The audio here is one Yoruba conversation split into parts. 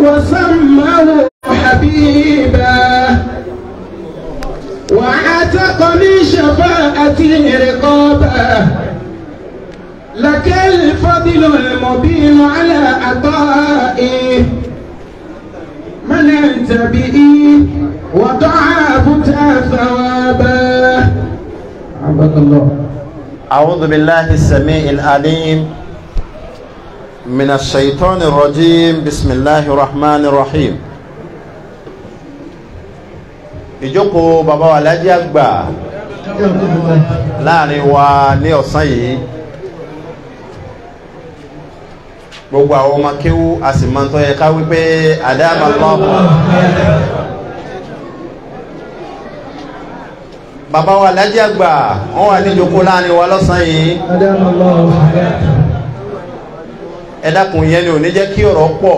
وسمه حبيبا وعتق من شفاءته رقابا لك الفضل المبين على عطائي من أنت به وضعفت ثوابا عبد الله أعوذ بالله السميع العليم من الشيطان الرجيم بسم الله الرحمن الرحيم ìjókòó bàbá wa Alhaji àgbà láàrin wa ní ọ̀sán yìí gbogbo àwọn ọmọ kéwú a sì máa ń tọ́ yẹ ká wípé àdáàmà lọ́pọ̀ bàbá wa Alhaji àgbà wọ́n wà ní ìjókòó láàrin wa lọ́sàn yìí ẹ dákun yẹn ni ò ní jẹ́ kí ọ̀rọ̀ pọ̀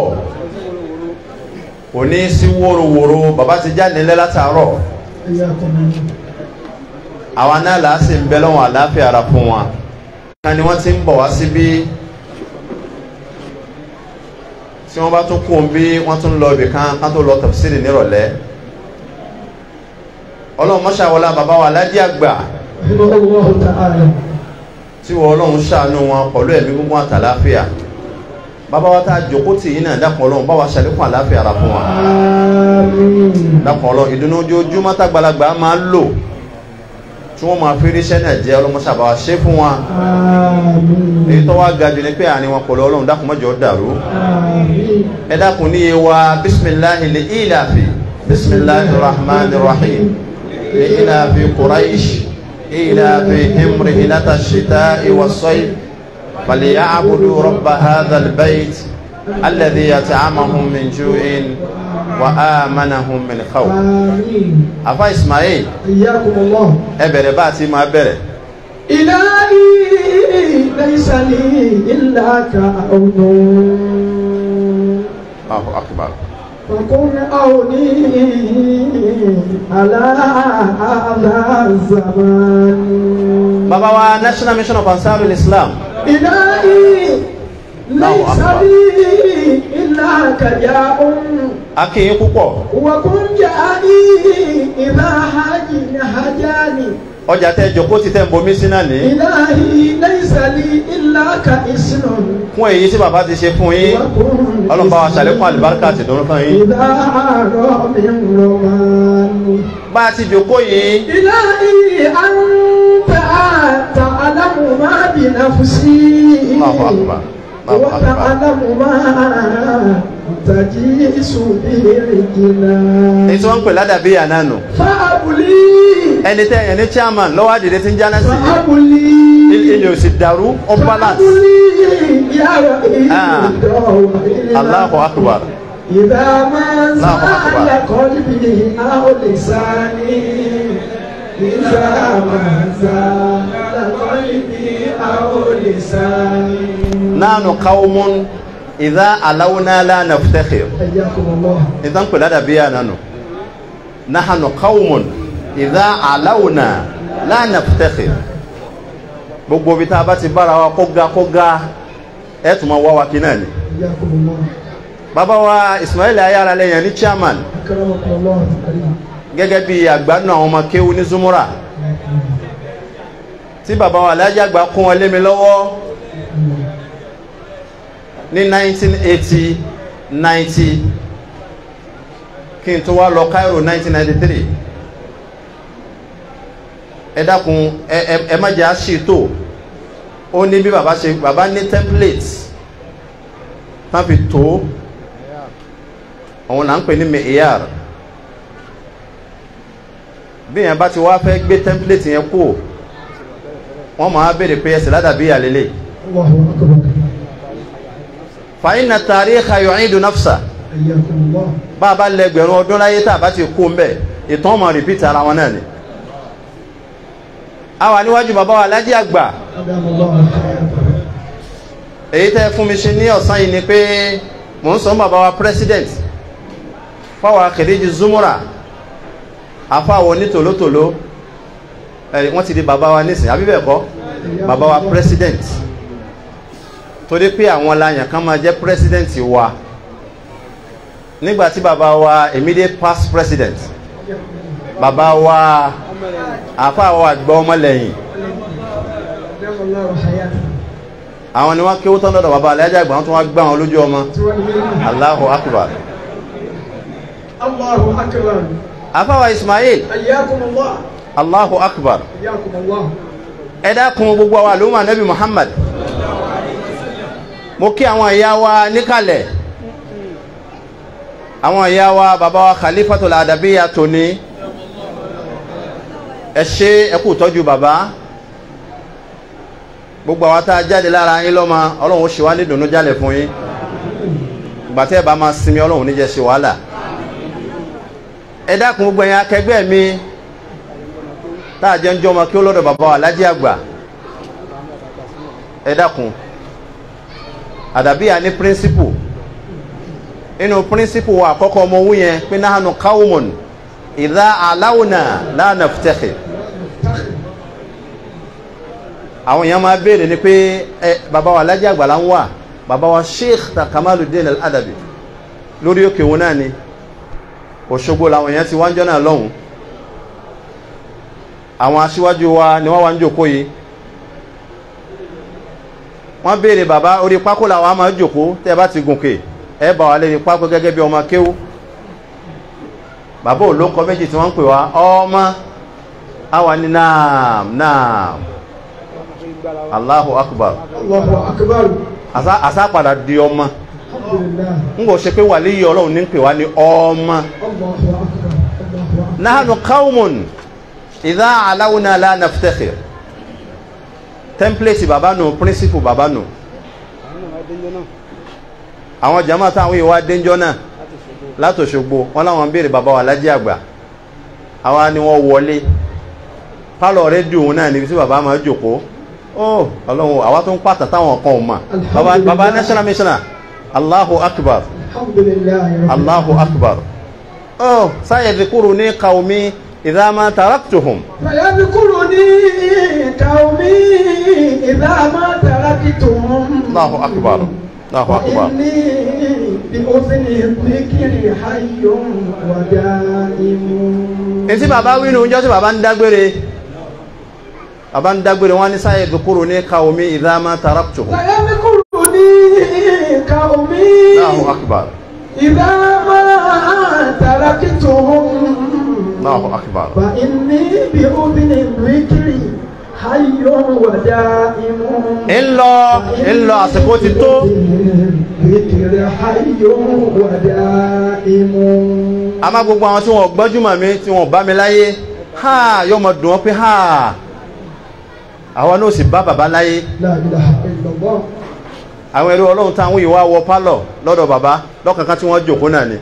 kò ní sí wóróworó bàbá ti jáde nílẹ̀ látàárọ̀ àwa náà là á sì ń bẹ lọ́wọ́n àlàáfíà ara fún wa kan ni wọ́n ti ń bọ̀ wá síbí tí wọ́n bá tún kú un bí wọ́n tún lọ ibì kan ká tó lọ tafsiri nírọ̀lẹ́ ọlọ́run mọ́ṣáwọlá bàbá wa aládé àgbà tí wọ́n ọlọ́run ṣàánú wọn pẹ̀lú ẹ̀mí gbogbo àtàláfíà bàbá wa tá a jòkó tì yín náà dákun ọlọ́run bá wa ṣàlékún àlàáfíà ara fún wa dákun ọlọ́run ìdùnnú ojoojúmọ́ tágbàlagbà máa ń tí wọ́n máa fi ríṣẹ́ náà ọlọ́mọṣà bá wa ṣe fún wa èyí tó wá ga jù ni pé àárín wọn pẹ̀lú ọlọ́run dákun mọ́jọ dàrú ẹ dákun ní iye wa bisimilahi lè ilafi bisimilahi rahman rahim lè ilafi quraish ilafi himri ilata shita iwasoi. فليعبدوا رب هذا البيت الذي يطعمهم من جوع وآمنهم من خوف afa Ismail ẹ bẹ̀rẹ̀ bá a ti máa bẹ̀rẹ̀. ilahi laysa li illa kaunu. Allahu akbar. فكن أوني على هذا الزمان. bàbá wa National Mission of Ansarul Islam. إلهي ليس لي إلا كجاء أكي يقوى وكن جاءني إذا هاجني هجاني ọjà tẹ jòkó ti tẹ ń bomi sí náà ní. ìlàhí lẹ́sàlí ìlàkà ìsinú. fún èyí tí bàbá ti ṣe fún yín ọlọ́pàá àṣàlékún àlùbáríkà ti dùn fún yín. ìlà àárọ̀ mi ń lọ wá bá a ti jòkó yìí. ìlàhí àǹtà àtà alámù máa bì náà wọ́n ta alámù máa tàjí sùnbí ìjìnà. ètò wọn pè ládàbí àná nù. fáàbùlì. ẹni tẹ ẹni chairman lọ́wọ́ àdìrẹ́ ti ń jáná sí. fáàbùlì. ilé ò sì dàrú ó balance. fáàbùlì yàrá ah, ìdọ̀wọ̀. Allahu akbar. ìdá máa ń sáyà kọ́lí bí àwọn lè sá ní. ìdá máa ń sáyà kọ́lí bí àwọn lè sá ní. nánú káwọn mọ́nú ìdá aláwọnálá nàfẹ́kẹ̀ ìdán pẹ̀lú àdàbíyà nánu nahanu kawmun ìdá aláwọnálá nàfẹ́kẹ̀ gbogbo bí tá a bá ti bára wa kóga kóga ẹ̀ tún ma wá wa kí náà ni bàbá wa Ismail ayára lẹ́yìn ní chairman gẹ́gẹ́ bí àgbánú àwọn ọmọ kéwu ní Zumura tí bàbá wa alájà gbà kún wọn lé mi ní 1980 90 kí n tó wá lọ Cairo 1993 ẹ dákun ẹ ẹ má jẹ́ àṣìtò ó ní bí bàbá ṣe bàbá ní template tán fi tó òun là ń pè ní meiyar bí yẹn bá ti wá fẹ́ gbé template yẹn kú wọ́n máa béèrè pé ẹsẹ̀ ládàbí ìyàlélẹ̀ fàyínà tàríkà yu'idu nafsa bá a bá lẹgbẹ̀rún ọdún láyé tá a bá ti kó ń bẹ̀ ìtàn ọmọ rìpítà ara wọn náà ni a wà níwájú bàbá wa alájí àgbà èyí tẹ́ fún mi ṣe ní ọ̀sán yìí ni pé mò ń sọ bàbá wa president fáwọn akèrèjì zumura afáwọn onítòlótòló wọ́n ti di bàbá wa nísìnyí àbí bẹ́ẹ̀ kọ́ bàbá wa president. Yeah torí pé àwọn làyàn kan máa jẹ́ pírẹsidẹ́ǹtì wa nígbà tí bàbá wa immediate past president bàbá wa àfa wa àgbà ọmọlẹ́yìn àwọn ni wọ́n kéwú tán lọ́dọ̀ bàbá alájà àgbà wọn tó wọ́n gbà wọn lójú ọmọ Allahu akbar. àfa wa Ismail. Allahu akbar. ẹ dákun gbogbo àwa àlùmọ̀ anabi Muhammad mo kí àwọn ìyá wa níkàlẹ̀ àwọn ìyá wa bàbá wa Khalifatul Adabiya tòní ẹ ṣe ẹ kú tọ́jú bàbá gbogbo àwọn tá a jáde lára yín lọ́mọ ọlọ́run ó ṣe wá ní ìdùnnú jálẹ̀ fún yín ìgbà bá máa sinmi ọlọ́run níjẹ́ ṣe wàhálà ẹ dákun gbogbo ẹ̀yin akẹgbẹ́ mi tá a jẹ́ ń jọmọ kí ó lọ́dọ̀ bàbá wa lájẹ́ àgbà ẹ dákun àdàbíyà ní píríncípù nínú píríncípù àkọ́kọ́ ọmọ owó yẹn pé náà nù káwọ́mọ̀n ìdá aláwòna lánà fìtẹ́kì àwọn èèyàn máa béèrè ni pé ẹ bàbá wa alájà àgbàlá ń wà bàbá wa sheikh Kamaluddin Al-Adabi lórí òkè òun náà ni Òṣogbo làwọn èèyàn ti wájọ́ náà lọ́hùn àwọn aṣíwájú wa ni wọ́n wá ń jòkó yìí wọ́n béèrè bàbá orí pákó làwọn a máa jòkó tẹ́ bá ti gùnkè ẹ bà wà lérí pákó gẹ́gẹ́ bí ọmọ kéwú bàbá ò ló kọ méjì tí wọ́n ń pè wá ọmọ ni naam naam allahu akbar Asa akbar padà di ọmọ n kò ṣe pé wà léyìí ọlọ́run ní pè wá ní ọmọ template bàbá nù principle bàbá nù àwọn jama táwọn ìwà dénjọ́ náà látòṣogbo wọn láwọn béèrè bàbá wa lájẹ́ àgbà àwa ni wọ́n wọlé pálọ̀ rédíò òun náà níbi tí bàbá máa jòkó ó ọlọ́run àwa tó ń pàtà táwọn kan ò mà bàbá national missioner allahu akbar allahu akbar ó sáyẹ̀dìkúrú ní kàwmí ìdámá taraktuhum. sáyẹ̀dìkúrú قومي إذا ما تركتهم الله أكبر الله أكبر إني بأذن الذكر حي ودائم èsì bàbá wí ní oúnjẹ tí bàbá ń dágbére bàbá ń dágbére wọn ní sáyẹ dùkúrò ní kaomi ìdámá ìdá máa tàràkì tó hùn. Allahu akbar. Fa inni bí obìnrin wíkìrì hayọ̀ wàdà imú. Ńlọ ńlọ àsìkò ti tó. Wíkìrì hayọ̀ wàdà imú. A máa gbogbo àwọn tí wọ́n gbọ́njúmọ̀ mi tí wọ́n bá mi láyé ha yóò mọ̀ dùn ọ́ pé ha àwọn náà sì bá bàbá láyé àwọn ẹrú ọlọ́run táwọn yìí wá wọ pálọ̀ lọ́dọ̀ bàbá lọ́kànkan tí wọ́n jòkó náà ni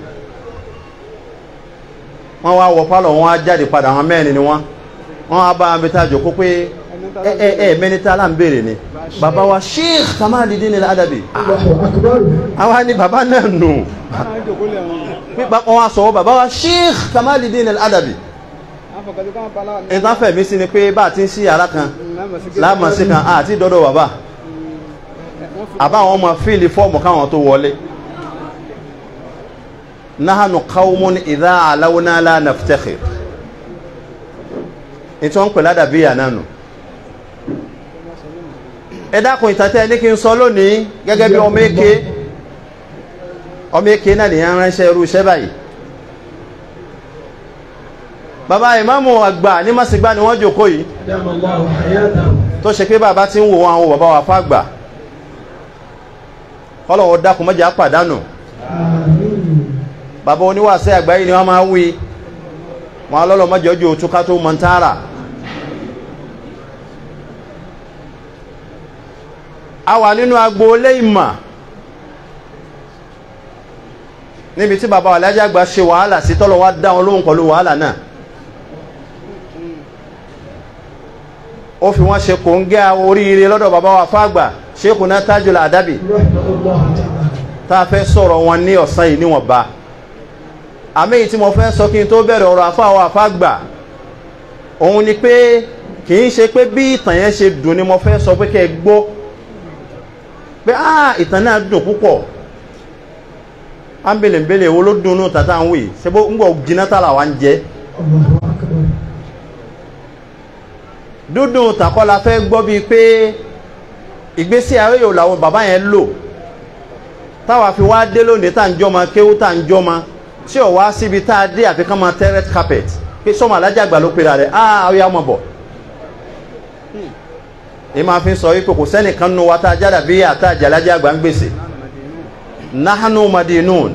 wọ́n wá wọ pálọ̀ wọ́n á jáde padà àwọn mẹ́rin ni wọ́n wọ́n á bá wọn bíi tá a jòkó pé ẹ ẹ ẹ mẹ́ni tá a là ń béèrè ni bàbá wa Sheikh Kamaluddin Al-Adabi àwa ni bàbá náà nù pípa wọn wá sọ bàbá wa Sheikh Kamaluddin Al-Adabi ìtàfẹ́ mi sí ni pé bá a ti ń ṣí yàrá kan láàmú sí kan àti dọ́dọ̀ bàbá àbáwọn ọmọ fíìlì fọ́ọ̀mù káwọn tó wọlé nahanu qawmun idha alawna la naftakhir ìtí wọ́n ń pè ládàbíyà náà nù ẹ dákun ìtàtẹ́ ní kí n sọ lónìí gẹ́gẹ́ bí ọmọ èké ọmọ èké náà nìyẹn ránṣẹ́ irú iṣẹ́ báyìí bàbá ìmáàmù àgbà ní màsígbà ni wọ́n jòkó yìí tó ṣe pé bàbá ti ń wo àwọn bàbá wà fún àgbà kọ́lọ̀wọ́ dákun mọ́jà pàdánù bàbá oníwàṣẹ́ àgbáyé ni wọ́n máa wí wọn lọ́lọ́ mọ́jọ́ jù òtúká tó mọ̀ tààrà a wà nínú agboolé ìmọ̀ níbi tí bàbá alájà gba ṣe wàhálà sí tọ́lọ̀ wá dá wọn lóhùn pẹ̀lú wàhálà náà ó fi wọ́n ṣe kòńgẹ́ oríire lọ́dọ̀ bàbá wa fágbà. Sheikhuna Tajul Adabi tá a fẹ́ wọn ní ọ̀sán yìí níwọ̀nba àmì tí mo fẹ́ sọ kí n tó bẹ̀rẹ̀ ọ̀rọ̀ àfa àwọn òun ni pé kì í ṣe pé bí ìtàn yẹn ṣe dùn ni mo fẹ́ sọ pé kẹ́ ẹ gbọ́ pé ah ìtàn náà dùn púpọ̀ ambelembele wo ló dunnú tata ń wè ṣe ń gbọ́ jiná tá la wà ń jẹ́ dúdùn tàkọ́ la fẹ́ gbọ́ bíi pé ìgbésí ayé yòó làwọn bàbá yẹn lò táwa fi wá dé lónìí tá à ń jọmọ kéwú tá à ń jọmọ tí ò wá síbi tá a dé àfi kán máa tẹ red carpet pé sọmọ alájà àgbà ló pera rẹ á ọyà ọmọ bọ. èyí máa fi sọ wípé kò sẹ́nìkan nu wa tá a jáde bí àtàjà alájà àgbà ń gbèsè nahanu madinun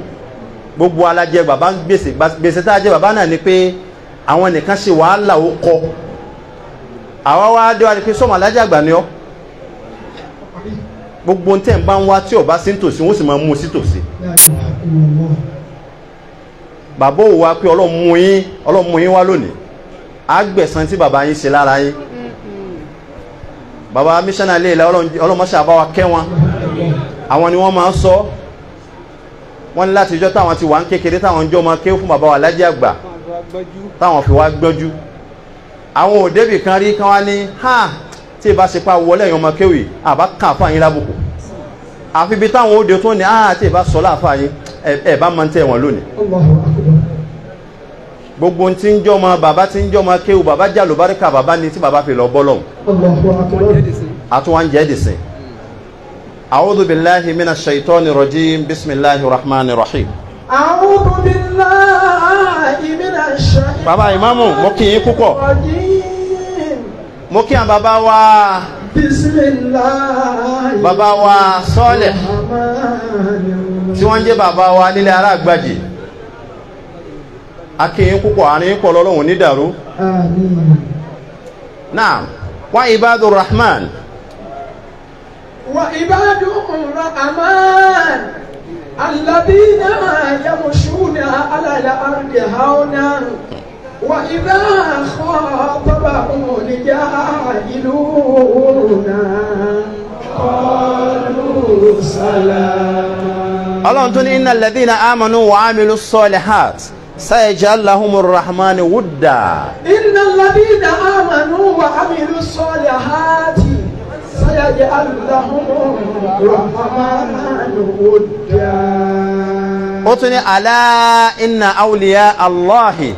gbogbo alájẹ bàbá ń gbèsè gbèsè tá a jẹ bàbá náà ni pé àwọn nìkan ṣe wàhálà ó kọ àwa wá dé wa ni pé sọmọ alájà àgbà ni ọ́ gbogbo ohun tẹ́ ń bá ń wá tí ó bá sí nítòsí wọ́n sì máa mú sí tòsí. bàbá ò wá pé ọlọ́run mú yín ọlọ́run mú yín wá lónìí àgbẹ̀sán tí bàbá yín ṣe lára yín bàbá mísánná ilé ìlà ọlọ́mọṣẹ́ àbáwá kẹ́ wọn àwọn ni wọ́n máa ń sọ wọ́n ní láti ijọ́ táwọn ti wà ń kékeré táwọn ń jọ́ máa kéwú fún bàbá wa lájẹ́ àgbà táwọn fi wá gbọ́njú àwọn òdebì kan rí kan wá ní tí ìbá ṣe pa wọlé ẹ̀yàn ọmọ àbá kàn fún àyín lábùkù àfi ibi táwọn òde tó ní àá ah, tí ìbá sọ láàfà yín ẹ̀ máa ń tẹ̀ wọ́n lónìí. gbogbo tí ń jọmọ bàbá tí ń jọmọ kéwì bàbá jà lóbáríkà bàbá ni tí bàbá fi lọ bọ́ lọ́hùn. àtúwọ̀n jẹ́ dìsìn. أعوذ بالله من الشيطان الرجيم بسم الله الرحمن الرحيم أعوذ بالله من الشيطان الرجيم بابا إمامو مكي كوكو mo kí àwọn bàbá wa bàbá wa sọ́ọ̀lẹ̀ tí wọ́n jẹ́ bàbá wa nílẹ̀ ará àgbàjì akíyín púpọ̀ àárín pọ̀ lọ́lọ́hùn nídàrú náà wá ibadu rahman wa ibadu rahman alladina yamushuna ala al-ardi hauna وإذا خاطبهم الجاهلون قالوا سلاما اللهم تقول إن الذين آمنوا وعملوا الصالحات سيجعل لهم الرحمن ودا إن الذين آمنوا وعملوا الصالحات سيجعل لهم الرحمن ودا ó على إن أولياء الله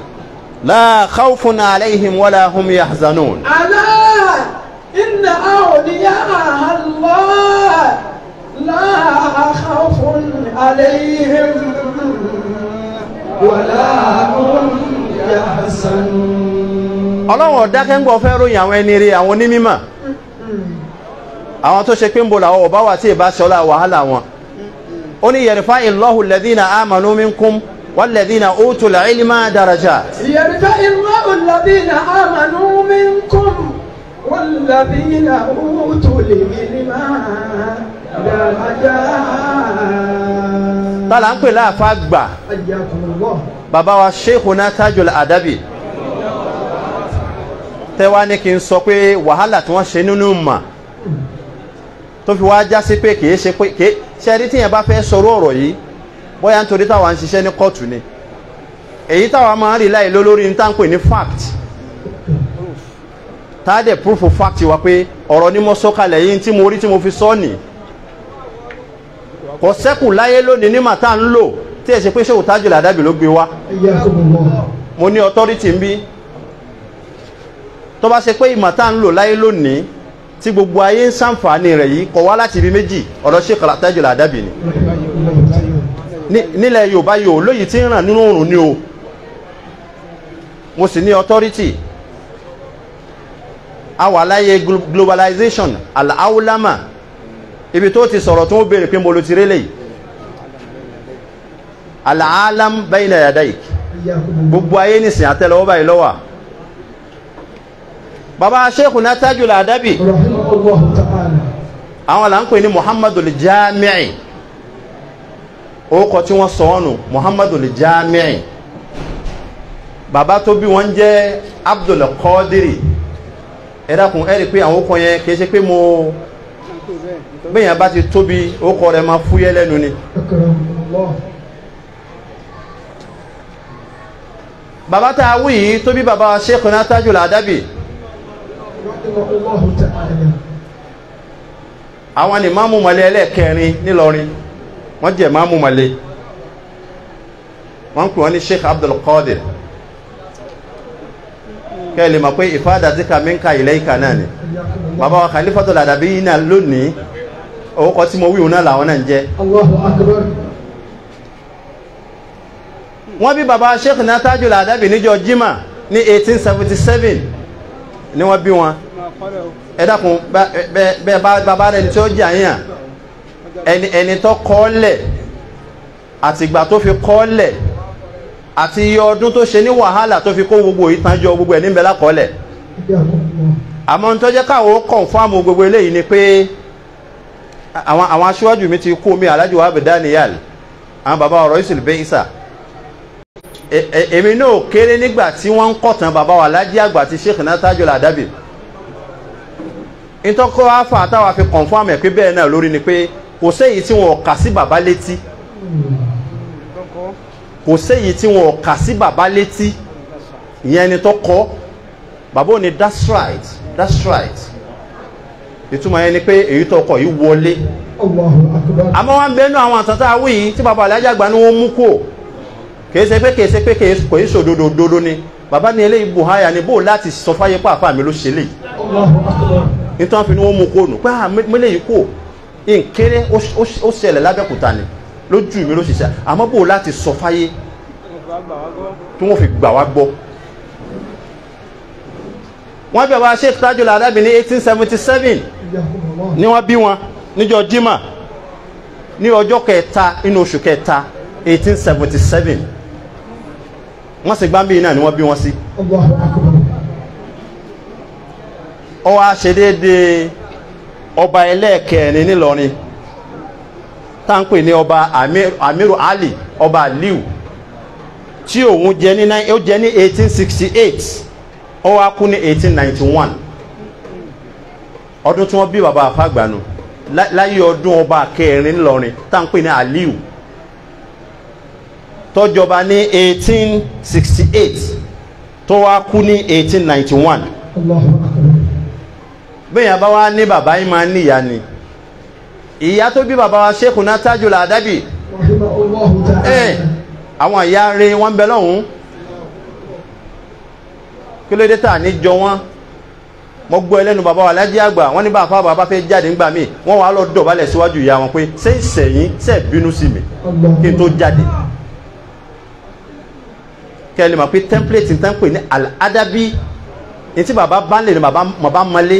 لا خوف عليهم ولا هم يحزنون ألا إن أولياء الله لا خوف عليهم ولا هم يحزنون ọlọ́wọ̀n ọ̀dákẹ́ngbọ̀ fẹ́ ròyìn àwọn ẹni rí àwọn onímímọ̀ àwọn tó ṣe pé ń bò làwọn ọ̀bá wà tí ìbá ṣọlá wàhálà wọn ó ní yẹ̀rìfá ìlọ́hùn lẹ́dínà àmàlómínkún والذين أوتوا العلم درجات يرفع الله الذين آمنوا منكم والذين أوتوا العلم درجات tala ń pè láàfáà gbà bàbá wa Sheikhuna Tajul Adabi tẹ́wá ní kí n sọ pé wàhálà tí wọ́n ṣe nínú mà tó fi wá já sí pé kìí ṣe pé kìí ṣe ẹni tí yẹn bá fẹ́ sọ̀rọ̀ ọ̀rọ̀ yìí bóyá nítorí táwa ń ṣiṣẹ́ ní kóòtù ni èyí táwa máa ń rí láì lólórí ní táǹpẹ̀ ní fact tádẹ̀ proof of fact wa pé ọ̀rọ̀ ni mo sọ kalẹ̀ yìí tí mo rí tí mo fi sọ nì kò sẹ́kù láyé lónìí ní màtá ń lò tí ẹ̀ ṣe pé ṣòwò tájù làdábì ló gbé wá mo ní authority ń bí tó bá ṣe pé ìmàtá ń lò láyé lónìí tí gbogbo ayé ń sàǹfààní rẹ̀ yìí kọ̀ wá láti ibi méjì ọ̀rọ̀ ṣe kàlàtájù làdábì ni nílẹ̀ yorùbá yìí ò lóyìí tí ń ràn nínú òrùn ni o mo sì ní authority àwa láyé globalization aláwòlámà ibi tó ti sọ̀rọ̀ tó ń béèrè pé mo lo ti rélẹ̀ yìí aláàlám bẹ́yìn náà yàdá yìí gbogbo ayé nìsín àtẹ́lẹwọ́ báyìí lọ́wà baba sheikhu na tajul adabi àwọn là ń pè ní muhammadu jami'i O tí wọ́n sọ ọ́ Muhammadu muhammadul jamiu bàbá tó bí wọn jẹ abdul Kọdiri, ẹ dákun ẹ rí i pé àwọn yẹn kì í ṣe pé mo bẹ́yìn bá ti tóbi orúkọ rẹ̀ máa fúyẹ́ lẹnu ni. bàbá tá a yìí tó bí bàbá adabi àwọn ni wọ́n jẹ́ ìmáàmù Malik wọ́n ń pè wọ́n Sheikh Abdul Qadir kẹ́lẹ̀ mọ̀ pé ìfáàdà tí ka mínka ilẹ̀ ìka náà ni bàbá wa kàlífàtò làdàbí yìí náà lónìí orúkọ tí mo wíwò náà làwọn náà ń jẹ́ wọ́n bí bàbá Sheikh náà tájù làdàbí níjọ́ jimá ní 1877 ni wọ́n bí wọn ẹ dákun bẹ́ẹ̀ bá bàbá rẹ̀ tí ó jẹ́ àyíyàn ẹni ẹni tó kọ́ lẹ̀ àtìgbà tó fi kọ́ lẹ̀ àti iye ọdún tó ṣe ní wàhálà tó fi kó gbogbo ìtànjọ gbogbo ẹ̀ níbẹ̀ lákọ́ọ́lẹ̀ àmọ́ ní tọ́jẹ́ káwọn kọ̀ǹfàmù gbogbo eléyìí ni pé àwọn àwọn aṣíwájú mi ti kú mi alájò wàhábì Daniel àwọn bàbá ọ̀rọ̀ ìsìlẹ̀ bẹ́ ìsà èmi náà kéré nígbà tí wọ́n ń kọ̀tàn bàbá wa lájí àgbà ti Sheikh natajo ladabi ìtọ́kọ́ afa àtàwọn afi kọ̀ǹfàmù ẹ̀ pé bẹ́ẹ̀ náà lórí ni pé kò séyìí tí wọn ò kà sí bàbá létí kò séyìí tí wọn ò kà sí bàbá létí ìyẹn ẹni tó kọ́ bàbá ò that's right that's right ìtumọ̀ yẹn ni pé èyí tó kọ yìí wọlé àmọ́ wọn bẹnu àwọn àtàntà awí yìí tí bàbá alájà gbà ni wọ́n mú kó kìí ṣe pé kìí ṣe pé kò í ṣòdodo dodo ni bàbá ní eléyìí buhaya ni bó láti sọ fáyé pàápàá mi ló ṣe lè nítorí wọn fi ni wọ́n mú kó nù pé àmì lè kó nkéré ó ṣẹlẹ̀ lábẹ́kúta ni lójú mi ló ṣiṣẹ́ àmọ́ bò láti sọ fáyé tí wọ́n fi gbà wá gbọ́. wọ́n bẹ̀ wá Sheikh Tajul Adaby ní eighteen seventy seven ni wọ́n bí wọn níjọ́ jimá ní ọjọ́ kẹta inú oṣù kẹta eighteen seventy seven wọ́n sì gbá bíi náà ni wọ́n bí wọn sí. ó wá déédéé ọba ẹlẹ́ẹ̀kẹrin nílọrin táǹpẹ̀ ní ọba amiru ali ọba aliu tí òun jẹ ní ó jẹ ní eighteen sixty eight ó wá kú ní eighteen ninety one ọdún tí wọ́n bí bàbá àfàgbànú láyé ọdún ọba kẹrin nílọrin táǹpẹ̀ ní aliu tó jọba ní eighteen sixty eight tó wá kú ní eighteen ninety one bẹ́yàn bá wá ní bàbá yìí máa níyà ni ìyá tó bí bàbá wa Sheikhuna Tajul Adabi àwọn ìyá rẹ̀ wọ́n bẹ lọ́hùn kí ló dé tà ní jọ wọ́n mo gbọ́ ẹlẹ́nu bàbá wa lájẹ́ àgbà wọ́n ní bàbá bàbá fẹ́ jáde nígbà míì wọ́n wàá lọ dọ̀bálẹ̀ síwájú ìyá wọn pé ṣé ìṣẹ̀yìn ṣe bínú sí mi kí n tó jáde kẹ́lẹ́ pé template ń tán ní al-adabi ní tí bàbá bá ń lè ní bàbá mọ́lé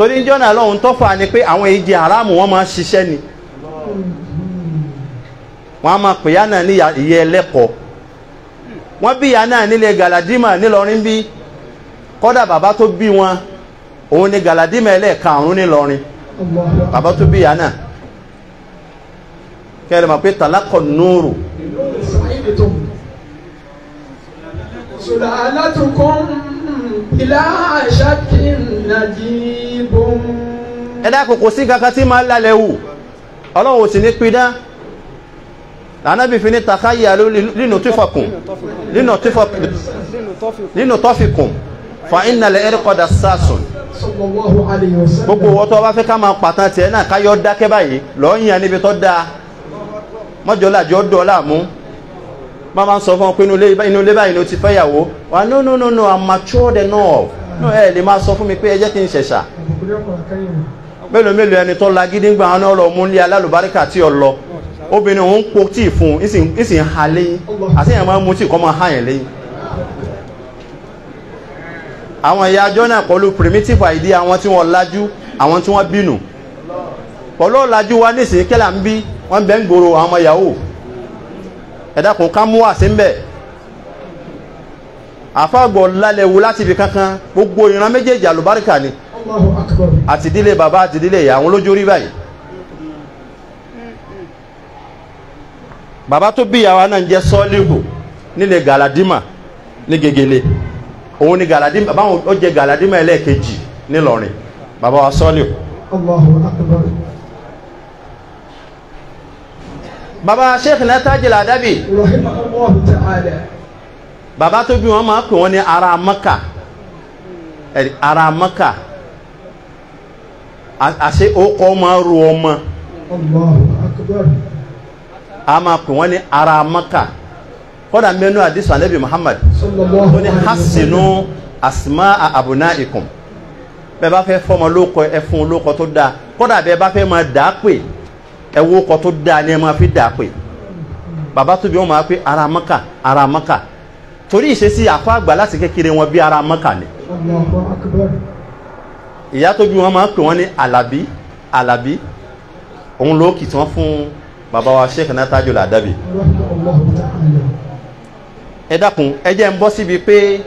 torí ń jọ́nà lọ́hùn tó fà ni pé àwọn èjì aráàmù wọ́n máa ṣiṣẹ́ ni wọ́n á máa pè yá náà ní ìyá ẹlẹ́kọ̀ọ́ wọ́n bí náà nílé galadima nílọrin bí kọ́dà bàbá tó bí wọn òun ni galadima ẹlẹ́ẹ̀karùn-ún nílọrin bàbá tó bí ìyá náà kẹ́lẹ́ mọ̀ pé tàlákọ̀ nùrù. sùlàlátùkùn ìlà àṣàkì nàdìí ẹ dákun kò sí kankan tí máa ń lálẹ́ wù ọlọ́run ò sì ní pidán lànàbí fi ní takayà nínú tófìkùn nínú tófìkùn fa ìnàlẹ̀ ẹ̀rẹ́kọ̀dà sásùn gbogbo owó tó bá fẹ́ ká máa pàtàn tiẹ̀ náà káyọ̀ dákẹ́ báyìí lọ́ọ́ yàn níbi tó dáa mọ́jọ́ làjọ́ dọ́là mú máa máa ń sọ fún ọ pé inú ilé báyìí ló ti fẹ́yàwó wa no no no no I'm matured enough no ẹ lè máa sọ fún mi pé ẹ jẹ́ kí n ṣẹ̀ṣà mélòó mélòó ẹni tó lagídí ń gbà wọn náà lọ mú ní alálùbáríkà tí ò lọ obìnrin òun po tíì fún un ìsì ń ha lẹ́yìn àti ìyàn máa ń mu máa ha yẹn lẹ́yìn. àwọn ìyá ajọ́ náà pẹ̀lú primitive idea àwọn tí wọ́n lajú àwọn tí wọ́n bínú pẹ̀lú ọ̀làjú wa nísìnyí kẹ́là ń bí wọ́n bẹ́ ń gbòòrò àwọn ọmọ yahoo ẹ̀dá kò ká mú wà sí ń bẹ̀ àfàgbọ̀ lálẹ́ láti ibì kankan gbogbo ìran méjèèjì àlùbáríkà ni àti ìdílé bàbá àti ìdílé ìyá àwọn lójú rí báyìí bàbá tó bí ìyàwó náà ń jẹ́ sọ́ọ́lìhù nílé galadima ní gegele òun ni galadima báwọn ó jẹ galadima ẹlẹ́ẹ̀kejì nílọrin bàbá wa sọ́ọ́lìhù. Allahu akbar. bàbá sheikh natajil adabi rahimahullahu ta'ala bàbá tó bí wọn máa pè wọn ní ara maka ara maka àṣẹ ọkọ máa ro ọmọ a máa pè wọ́n ní ara maka kọ́dà mẹ́nu àdísù alẹ́bí Muhammad ó ní hasinu asima abuna ikum bẹ́ẹ̀ bá fẹ́ fọmọ lóko ẹ fún lóko tó dáa kọ́dà bẹ́ẹ̀ bá fẹ́ máa dàá pè ẹ kọ́ tó dáa ni ẹ máa fi dàá pè bàbá tóbi wọn máa pè ara maka ara maka torí ìṣesí àfọ àgbà láti kékeré wọn bí ara maka ni. Allahu Akbar ìyá tó bí wọn máa ń pè wọn ní alábí alábí òun ló kì tí wọn fún bàbá wa sheikh natajul adabi ẹ dákun ẹ jẹ́ ń bọ́ síbi pé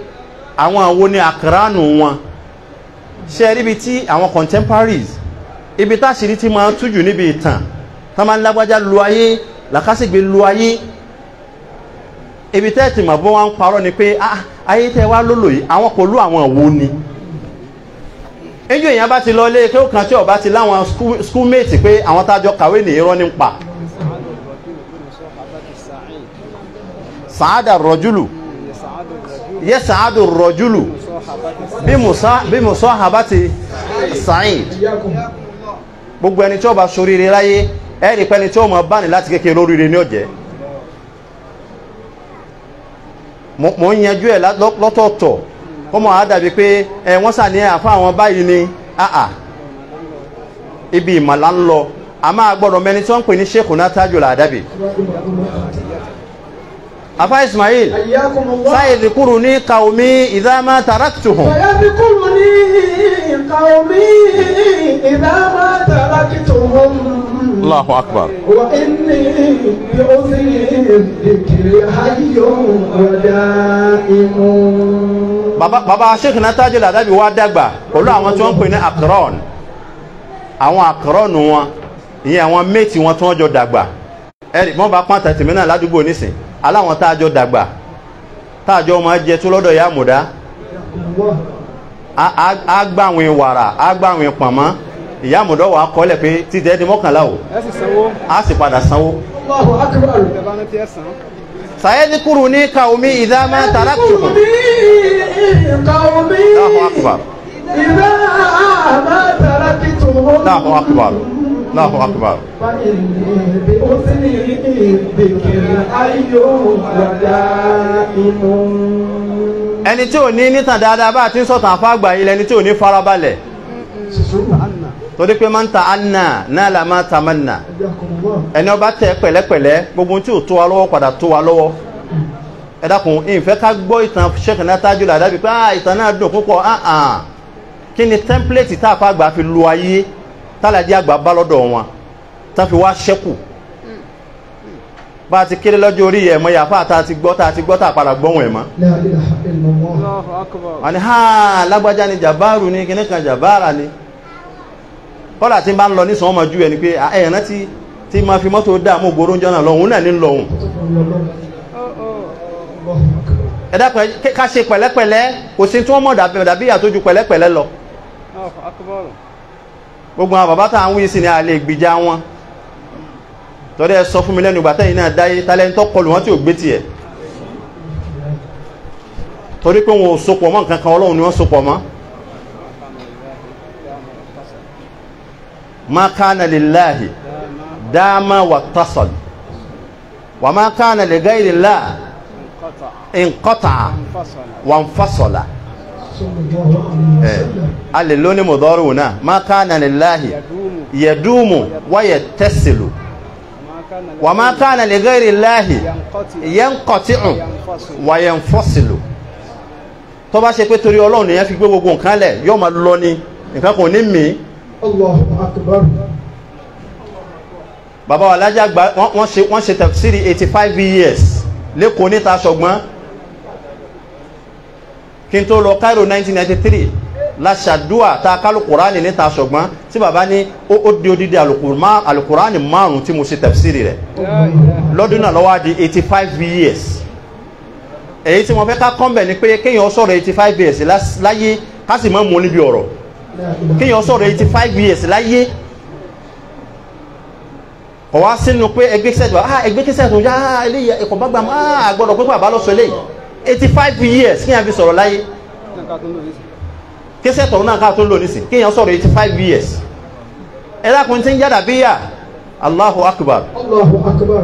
àwọn àwo ni àkàránù wọn ṣe níbi tí àwọn contemporaries ibi táṣìírí ti máa ń tújù níbi ìtàn tá máa ń lágbájá lu ayé làkásìgbè lu ayé ibi tẹ́ẹ̀tì màbọ́ wa ń parọ́ ni pé ah, ayé tẹ́ wá lólò yìí àwọn kò lú àwọn àwo ni ẹjọ́ èèyàn bá ti lọ ilé kí ó kan tí ọba ti láwọn schoolmate pé àwọn tájọ kàwé ní irọ́ ní pa sàádà rọjúlù yẹ sàádà rọjúlù bí musa habati sa'id gbogbo ẹni tí ó bá soríire láyé ẹ̀rí pẹ́ni tí ó bá ní láti kékeré lóríire ní ọ̀jẹ́ mo ń yanjú ẹ̀ lọ́tọ̀ọ̀tọ̀ kó mọ̀ á dàbí pé ẹ wọ́n sà ní àfa àwọn báyìí ni àà ibi ìmọ̀lá ń lọ a máa gbọ́dọ̀ mẹni tí wọ́n ń pè ní sheikh natajo làdàbí. afa ismail sáyé dìkúrú ní kàómi ìdámá taraktuhum. sáyé dìkúrú ní kàómi ìdámá taraktuhum. Allahu akbar. wà á ní yóò sì dèkìrì ayò ọ̀dà imú. bàbá bàbá sheikh natajo ladabi wa dàgbà pẹ̀lú àwọn tí wọ́n ń pè ní akron àwọn akron wọn ìyẹn àwọn méètì wọn tí wọ́n jọ dàgbà ẹ̀rì wọ́n bá pọ́n àtàtìmí náà ládùúgbò nísìn aláwọn tá a jọ dàgbà tá a jọ máa jẹ tó lọ́dọ̀ ìyá àmọ̀dọ́ wa kọ́lẹ̀ pé títí ẹni mọ́kànlá o a sì padà sanwó. sàyẹ́dì kúrú ní kàómi ìdá máa tààrà kùtùkù. kàómi ìdá máa tààrà kùtùkù. Allahu akbar Allahu akbar. ẹni tí ò ní nítàn dáadáa bá a ti ń sọ̀tàn afọ àgbà yìí lẹni tí ò ní farabalẹ̀ torí pé máa ń ta anna náà la máa ta manna ẹni ọba tẹ pẹ̀lẹ́pẹ̀lẹ́ gbogbo tí ò tó wa lọ́wọ́ padà tó wa lọ́wọ́ ẹ dákun ìfẹ́ ká gbọ́ ìtàn Sheikh náà tájú là dábì pé ah ìtàn náà dùn púpọ̀ ah ah kí ni tẹ́ḿpìlẹ̀tì tá a fa àgbà fi lu ayé tálàjì àgbà bá lọ́dọ̀ wọn tá fi wá ṣẹ́kù bá a ti kéré lọ́jọ́ orí ẹ̀mọ́ yàfá tá a ti gbọ́ tá a ti gbọ́ tá a padà gbọ́hùn ẹ̀mọ́. wọ́n ní ha ah, lágbájá ni jabaru ni kíníkan jàbáàrà ni kọ́lá tí ń bá ń lọ nísàn ọmọ ju ẹni pé ẹ̀yàn náà ti máa fi mọ́tò dààmú gbòòrò oúnjẹ náà lọ́hùn náà ní lọ́hùn. ẹ dákun ẹ ká ṣe pẹ̀lẹ́pẹ̀lẹ́ kò sí tí wọ́n mọ̀ dàbí àtọ́jú pẹ̀lẹ́pẹ̀lẹ́ lọ. gbogbo àwọn bàbá tá à ń wí sí ni a lè gbìjà wọn torí ẹ sọ fún mi lẹ́nu ìgbà tẹ́yìn náà dáyé tálẹ́ńtọ́ kọlù wọn tí ò gbé tiẹ̀ torí pé wọn ò sopọ̀ mọ́ nǹkan kan ọlọ́run ni wọ́n sopọ̀ mọ́ ma kana lillahi dama wa tasal wa ma kana li ghayri llah inqata wa nfasala eh, a lè lóní mudọ́rù náà ma kana lillahi yadumu wa yattasilu wa ma kana li ghayri llahi yanqati'u wa yanfasilu tó bá ṣe pé torí ọlọ́run fi gbogbo nǹkan lẹ̀ yóò máa lọ kò ní mìí Allahu akbar. bàbá wa alájà gba wọ́n ṣe wọ́n ṣe tafsiri eighty five years lẹ́kọ̀ọ́ níta ṣọ̀gbọ́n kí n tó lọ Cairo nineteen ninety three laṣàdúà tá a kálù kùránì níta ṣọ̀gbọ́n tí bàbá ní ó di odidi alukùránì márùn tí mo ṣe tafsiri rẹ̀ lọ́dún náà lọ́wọ́ di eighty five years èyí tí wọ́n fẹ́ ká kọ́ńbẹ̀ ni pé kéèyàn sọ̀rọ̀ eighty five years láyé ká sì mọ́ mú níbi ọ̀rọ̀ kéèyàn sọ̀rọ̀ eighty five years láyé kọ̀ wá sínú pé ẹgbẹ́ sẹ́ẹ̀tì ah ẹgbẹ́ sẹ́ẹ̀tì ọjà ah eléyìí ẹ̀kọ́ bá gbà mọ́ ah àgbọ̀dọ̀ pé bàbá lọ sọ eléyìí eighty five years kéèyàn fi sọ̀rọ̀ láyé kéṣẹ́ tọ̀hún náà ká tó ń lò nísìn kéèyàn sọ̀rọ̀ eighty five years ẹ dákun tí ń yàdà bíyà allahu akbar allahu akbar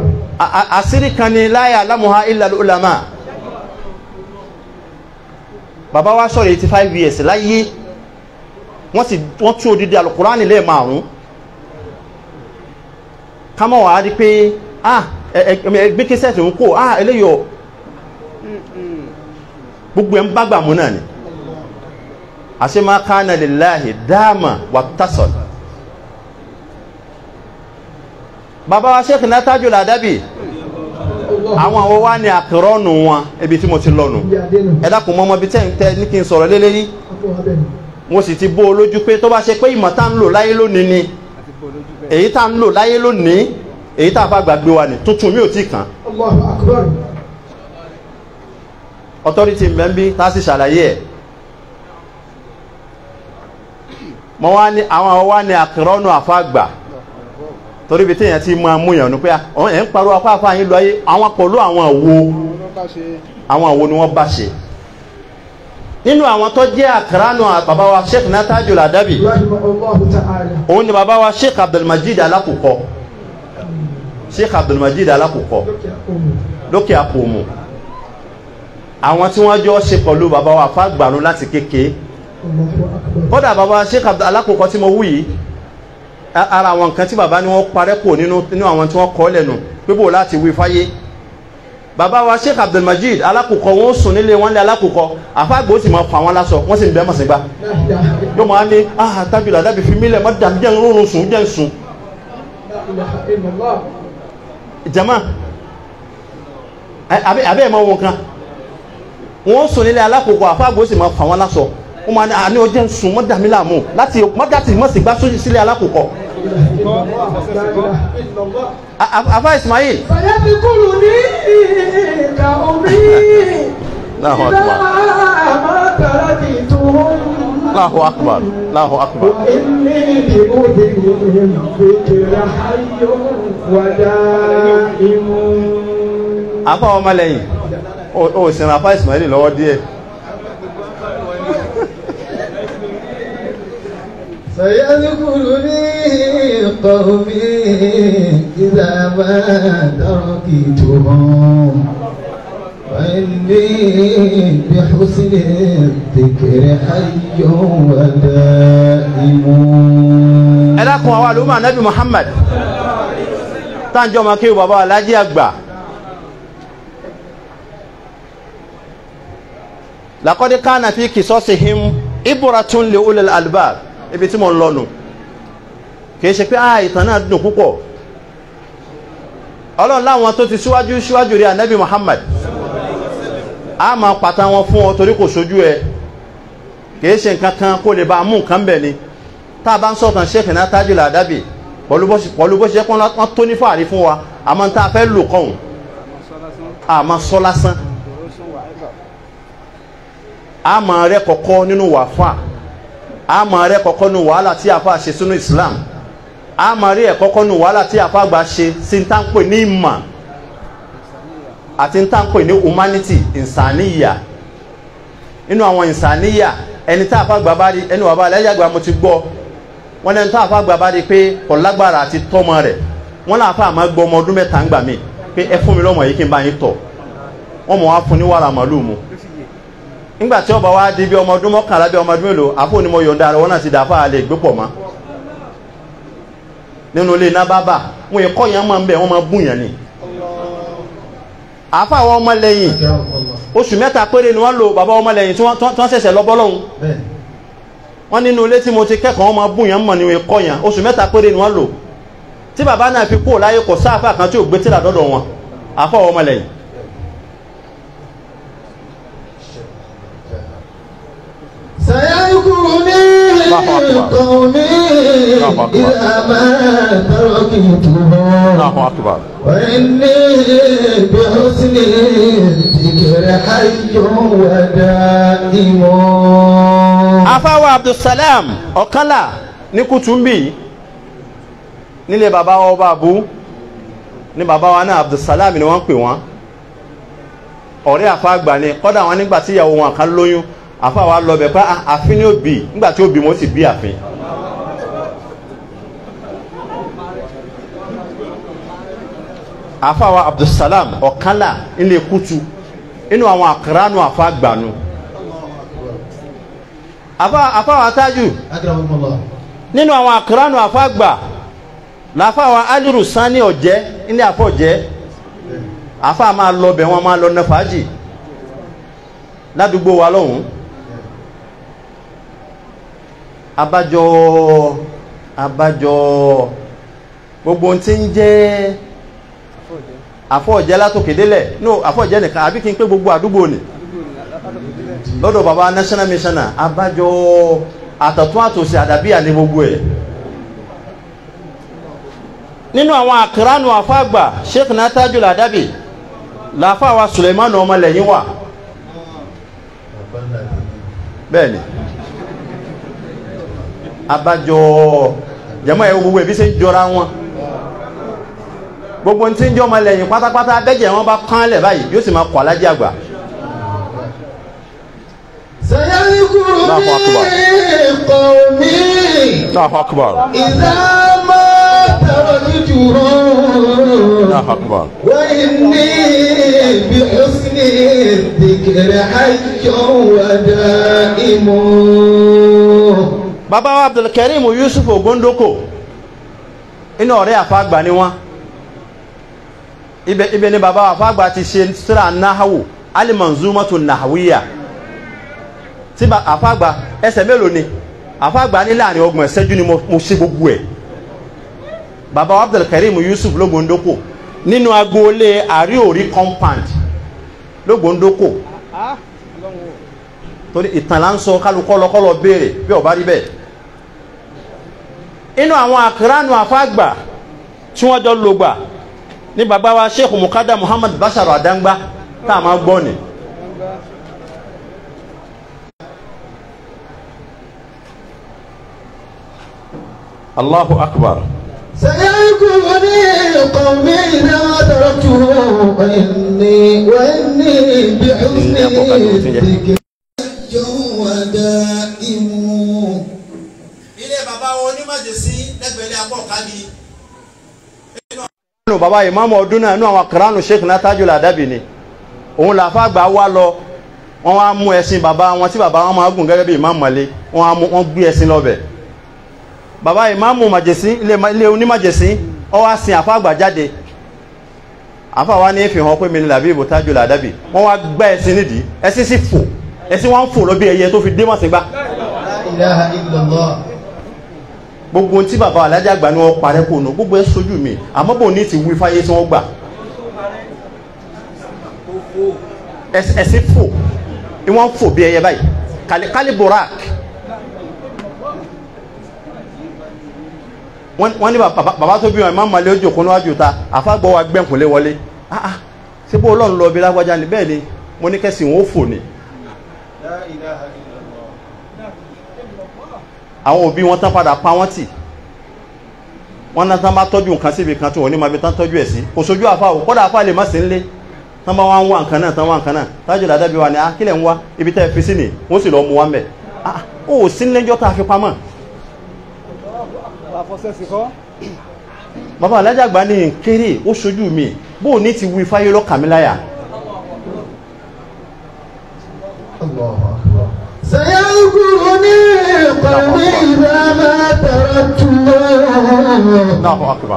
àṣírí kan ni la ya'lamuha illa al-ulama Baba wa sọ̀rọ̀ eighty five years láyé wọ́n sì wọ́n tún odidi alukurani lẹ́ẹ̀ márùn-ún kámọ́ wàá rí pé ah ẹgbẹ́ kẹsẹ̀tì ń kó ah eléyọ̀ gbogbo ẹ̀ ń bá gbàmú náà ni àṣẹ máa ká náà lillahi dáàmà wà tásán bàbá wa Sheikh náà Tajul Adabi àwọn àwọn wa ni àkìrọ́nù wọn ibi tí mo ti lọ́nu ẹ dákun mọ́mọ́ bí tẹ́ ní kí n sọ̀rọ̀ lélẹ́rí mo sì ti bó o lójú pé tó bá ṣe pé ìmọ̀ tá ń lò láyé lónìí ni èyí tá ń lò láyé lónìí èyí tá a fa gbàgbé wa ni tuntun mi ò tí kàn. authority mẹ́bí tá a sì ṣàlàyé ẹ̀. mo wá ní àwọn wa ní àkìrọ́nù àfàgbà torí ibi téèyàn ti máa mú yàn ní pé ẹ̀ ń pariwo apá àfáà yín lọ ayé àwọn pẹ̀lú àwọn àwo àwọn àwo ni wọ́n bá ṣe nínú àwọn tó jẹ́ àkàránù bàbá wa sheikh natajul adabi òun ni bàbá wa sheikh abdulmajid alakukọ sheikh abdulmajid alakukọ lókè àpòmù àwọn tí wọ́n jọ ṣe pẹ̀lú bàbá wa fàgbànú láti kéke kódà bàbá sheikh alakukọ tí mo wú yìí ara àwọn nǹkan tí bàbá ni wọ́n parẹ́ kò nínú àwọn tí wọ́n kọ́ lẹ́nu pípò láti wí fáyé bàbá wa sheikh abdulmajid alákòókò wọn sùn nílé wọn lé alákòókò àfàgbò sì máa fọ àwọn aláṣọ wọn sì ń bẹ màsìn gbà yóò máa ní ah tábìlì àdábì fi mílẹ̀ má dàbí jẹ́ ń rúnrún sùn jẹ́ ń sùn. jama abẹ́ ẹ̀ máa wọn kan wọn sùn nílé alákòókò àfàgbò sì máa fọ àwọn aláṣọ wọn máa ní àní ọjọ́ ń sùn mọ́dàmí làmú láti mọ́dàtì mọ́sìn gbà sílé alákòókò afa Ismail. sàyẹ́bí kúrò ní ìka omi ìdá àmàtàràdì tó ń. Allahu akbar Allahu akbar. Inni bi udhihim dhikra hayyun wa Afa ọmọ lẹ́yìn, o sinra afa Ismail lọ́wọ́ díẹ̀. فيذكرني قومي إذا ما تركتهم وإني بحسن الذكر حي ودائم ẹlẹ́kùn àwọn àlùmọ̀ anábì Muhammad táǹjọ́ máa kéwù bàbá alájí àgbà laqad kana fi qisasihim ibratun li ulil albab ibi tí mo ń lọ́nu kìí ṣe pé ah ìtàn náà dùn púpọ̀ ọlọ́run láwọn tó ti síwájú síwájú rí anabi muhammad a máa pàtà wọn fún ọ torí kò sojú ẹ kìí ṣe nǹkan kan kó lè ba mú nǹkan bẹ̀ ni tá a bá ń sọ̀tàn ṣèkì náà tájú là dábì pẹ̀lú bó ṣe pọ́n wọ́n tó ní fàárí fún wa àmọ́ tá a fẹ́ lò kọ́hún àmọ́ sọ lásán àmọ́ rẹ kọ̀kọ́ nínú wàfáà Amare máa nu wàhálà tí àfa ṣe sínú Islam Amare máa rí nu wàhálà tí àfa gbà ṣe sí ń tánpè ní ìmọ̀ àti ń tánpè ní humanity ìsàníyà nínú àwọn ìsàníyà ẹni tá àfa gbà bá rí ẹni wà bá rí ẹ̀yà gbà mo ti gbọ́ wọn lẹni tá àfa gbà bá rí pé kò lágbára àti tọ́mọ rẹ̀ wọn là àfa àmọ́ gbọ́ ọmọ ọdún mẹ́ta ń gbà mí pé ẹ fún mi lọ́mọ yìí kí n bá yín tọ̀ wọ́n mọ̀ wá fún ní wàrà màlúù mu nígbà tí ọba wa di bí ọmọ ọdún mọ́kànlá bí ọmọ ọdún mélòó àfọ ni mo yọ̀ǹda rẹ̀ wọ́n náà ti dàáfà alẹ́ ìgbé pọ̀ mọ́ nínú ilé iná bábà wọn èkọ́ yẹn máa ń bẹ̀ wọ́n máa bùn yẹn ni àfọ àwọn ọmọ lẹ́yìn oṣù mẹ́ta péré ni wọ́n lò bàbá ọmọ lẹ́yìn tí wọ́n ṣẹ̀ṣẹ̀ lọ bọ́lọ́hún wọ́n nínú ilé tí mo ti kẹ́kọ̀ọ́ wọ́n máa bùn yẹn mọ̀ ni wọ́n èkọ́ yẹn oṣù mẹ́ta péré ni wọ́n lò tí bàbá náà fi kúrò láyé kò sáfà kan tí ò gbé tíra dọ́dọ̀ wọn àfọ àwọn ọmọ lẹ́yìn سيذكرني قومي إذا ما تركتها وإني بحسن الذكر حي ودائم. afawo abdulsalam ọ̀kánlá ní kùtùmbì nílé bàbá wa ọba àbú ní bàbá wa náà abdulsalam ni wọ́n ń pè wọ́n ọ̀rẹ́ àfa àgbà ni kọ́dà wọn nígbà tí ìyàwó wọn kan lóyún àfa wa lọ bẹ pé ah, àfin ni ó bì nígbà tí ó bì mo sì bí àfin. àfa wa abdulsalam ọ̀kánlá ilé kútu inú àwọn àkàránù àfa gbànú. àfa àfa wa tájù nínú àwọn àkàránù àfa gbà làfa wa aliru sani ọ̀jẹ́ ilé àfọ̀ ọ̀jẹ́ àfa máa lọ bẹ̀ wọ́n máa lọ nẹ́fàájì ládùúgbò wa lọ́hùn-ún abájọ abájọ gbogbo ohun tí ń jẹ́ àfọ̀jẹ́ látòkè délẹ̀ no àfọ̀jẹ́ nìkan àbí kí n pé gbogbo àdúgbò ni lọ́dọ̀ baba national missioner abájọ àtọ̀tún àtòsí àdàbíyà ní gbogbo ẹ̀ nínú àwọn àkìránù àfáàgbà sheikh natajul adabi làfáàwà suleiman ọmọlẹ́yìn wà bẹ́ẹ̀ ni abájọ jẹ́mọ́ ẹ̀ gbogbo ẹ̀bí ṣe ń jọra wọn gbogbo ní tí ń jọ ọmọ ilẹ̀ yìí pátápátá abẹ́jẹ̀ wọn bá kán lẹ̀ báyìí yóò sì máa kọ́ alájí àgbà. Allahu akbar. Ìdá máa tẹ̀wọ̀ ní jùlọ. Allahu akbar. bí ó sì àjọ wà dá ìmọ̀ bàbá wa Abdulkarim Yusuf Ogondoko inú ọ̀rẹ́ àfàgbà ni wọ́n ibẹ̀ ibẹ̀ ni bàbá wa àfàgbà ti ṣe síra náhàwò alimanzumatu nahawiya tí àfàgbà ẹsẹ̀ mélòó ni àfàgbà ní láàrin ọgbọ̀n ìṣẹ́jú ni mo ṣe gbogbo ẹ̀ bàbá wa Abdulkarim Yusuf lógondoko nínú agboolé àríòrí compound lógondoko ah, ah, torí ìtàn là ń sọ kálukọ́lọ́kọ́lọ́ béèrè bí ó bá rí bẹ́ẹ̀ inú àwọn àkìránù àfáàgbà tí wọ́n jọ lògbà ní bàbá wa sheikh mukada muhammad basharu adangba tá a máa gbọ́ ni. allahu akbar. سيكون قوم لا وإني وإني بحسن ذكر ودائم bàbá wọn onímọ̀jẹ̀sí lẹ́gbẹ̀ẹ́lẹ́ abọ́ọ̀ká mi. nínú bàbá ìmáàmù ọdún náà nínú àwọn karanu sheikh nataju ladabi ni òun làáfà gbà wá lọ wọ́n wá mú ẹṣin bàbá wọn tí bàbá wọn máa gùn gẹ́gẹ́ bí ìmáàmù mọ̀lẹ́ wọ́n gbé ẹṣin lọ́bẹ̀ bàbá ìmáàmù màjèsí ilé onímọ̀jẹ̀sí ọ wá sin àfà àgbà jáde àfà wa ní ìfihàn pé mi ni làbí ìbò tájú làdábì wọ́n wá gbá ẹṣin nídìí ẹṣin sì fò ẹṣin wọn ń fò lọ bí ẹyẹ tó fi dé mọ̀sìn gbá gbogbo tí bàbá alájà àgbà ni wọ́n parẹ́ kò nù gbogbo ẹ̀ sojú mi àmọ́ bò ní ti wí fáyé tí wọ́n gbà ẹ̀sìn fò wọ́n fò bí ẹyẹ báyìí kálí borak wọ́n ní bàbá tó bí wọn máa malẹ́ ojú òkun níwájú ta àfàgbọ́ wa gbẹ̀kúnlé wọlé ah, ah. ṣé bó ọlọ́run lọ bí lágbájá ni bẹ́ẹ̀ ni mo ní kẹ́sì wọn ó fò ni àwọn òbí wọn tán padà pa wọ́n tì wọ́n náà tán bá tọ́jú nǹkan síbi kan tó wọ́n ní ma bí tán tọ́jú ẹ̀ sí kò sojú àfa o kódà àfa lè má sí ńlé tán bá wọn wá nǹkan náà tán wá nǹkan náà tájú dàda bí wa ni akílẹ̀ ah, ń wá ibi tẹ́ fi sí ni wọ́n sì lọ́ọ́ mu wá mẹ́ ó ò sí nílẹ́jọ́ tá a fi pamọ́. bàbá alájà gbà ní kéré ó sojú mi bó o ní ti wí fáyé lọ́ọ́ kàmíláyà. sẹ́yìn قريبا ما تركت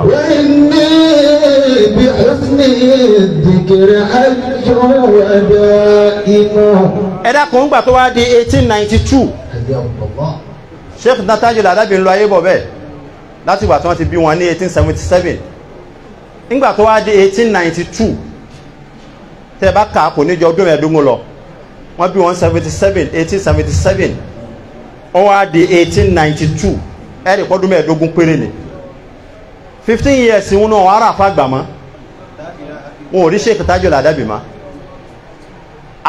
وإني بحسن الذكر حج ودائم ẹ dákun ń gbà tó wá di eighteen ninety two sheikh nathaniel adábí ń lọ ayé bọ̀ bẹ́ẹ̀ láti ìgbà tí wọ́n ti bí wọn ní eighteen seventy seven ńgbà tó wá di eighteen ninety two tẹ́ ẹ bá kà á kò ní jọ ọdún mẹ́ẹ̀ẹ́dógún lọ wọ́n bí wọn seventy seven eighteen seventy seven ọwọ́ adi eighteen ninety two ẹ̀rì kọ́dún mẹ́ẹ̀ẹ́dógún péré ni fifteen years wọn náà wọ́n ara àfa gbàmọ́ wọn ò rí Sheikh Tajul Adaby ma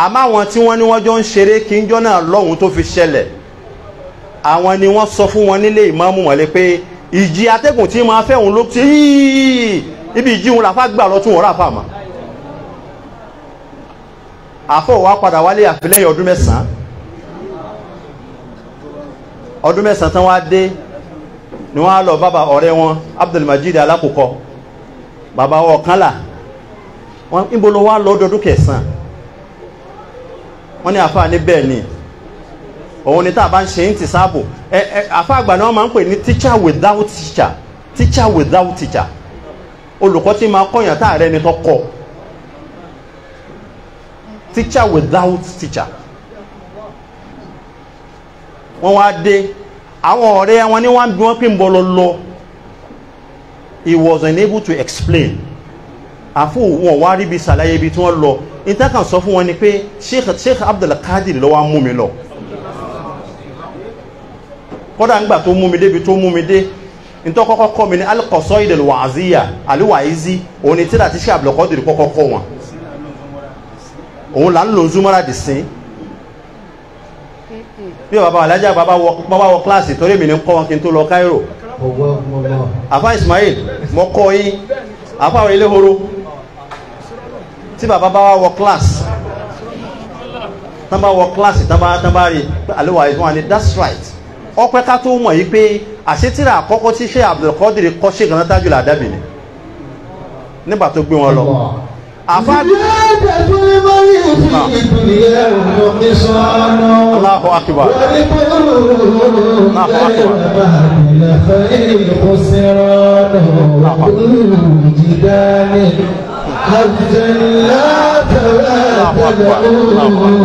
àmọ́ àwọn tí wọ́n ní wọ́n jọ ń ṣeré kí ń jọ́ náà lọ́hùn tó fi ṣẹlẹ̀ àwọn ni wọ́n sọ fún wọn nílé ìmáàmù wọ̀lé pé ìjì atẹ́gùn tí máa fẹ́ òun ló ti ibi ìjì òun làfá gbà lọ́tún ọ̀rá àfàmà àfọ̀ wa padà wálé àfilẹ́yìn ọdún mẹ́sàn-án ọdún mẹ́sàn-án tán wá dé ni wọ́n á lọ bàbá ọ̀rẹ́ wọn Abdulmajid alákòókọ bàbá ọ̀kánlá wọn níbo ló wá lọ́dọọdún kẹsàn-án wọ́n ní àfa ní bẹ́ẹ̀ ni òun ni tá a bá ń ṣe ń ti sáàbò ẹ ẹ àfa àgbà náà máa ń pè ní teacher without teacher teacher without teacher olùkọ́ tí máa kọ́yàn tá a rẹ́ni tó kọ́ teacher without teacher wọ́n wá dé àwọn ọ̀rẹ́ wọn ni wọ́n bí wọ́n pè bọ́ lọ lọ he was unable to explain àfọ wọn wá ríbi ṣàlàyé ibi tí wọ́n lọ ìtàkàn sọ fún wọn ni pé sheikh sheikh abdulkadir ló wá mú mi lọ kódà ńgbà tó mú mi dé ibi tó mú mi dé ntọ́ kọ́kọ́ kọ́ mi ní alikọ́sọ́ ìdèlè wàzíyà àlùwàyízí òun tíra ti ṣe àbùlọ̀kọ́ kọ́kọ́ kọ́ wọn òun là ń lò ń zúmọ́ra dì bí baba alájà bàbá wọ kíláàsì torí mi ní kọ́ wọn kí n tó lọ Cairo àfa Ismail mo kọ́ yín àfa àwọn ilé horo tí bàbá bá wọ kíláàsì tán bá wọ kíláàsì tán bá tán bá rí àlewà ìfún wa that's right ọpẹ́ ká tó mọ̀ yìí pé àṣetìrà àkọ́kọ́ tí ṣé Abdulkadir kọ́ ṣe ganan tájú làdábì ni nígbà tó gbé wọn lọ. Allahu akbar. Allahu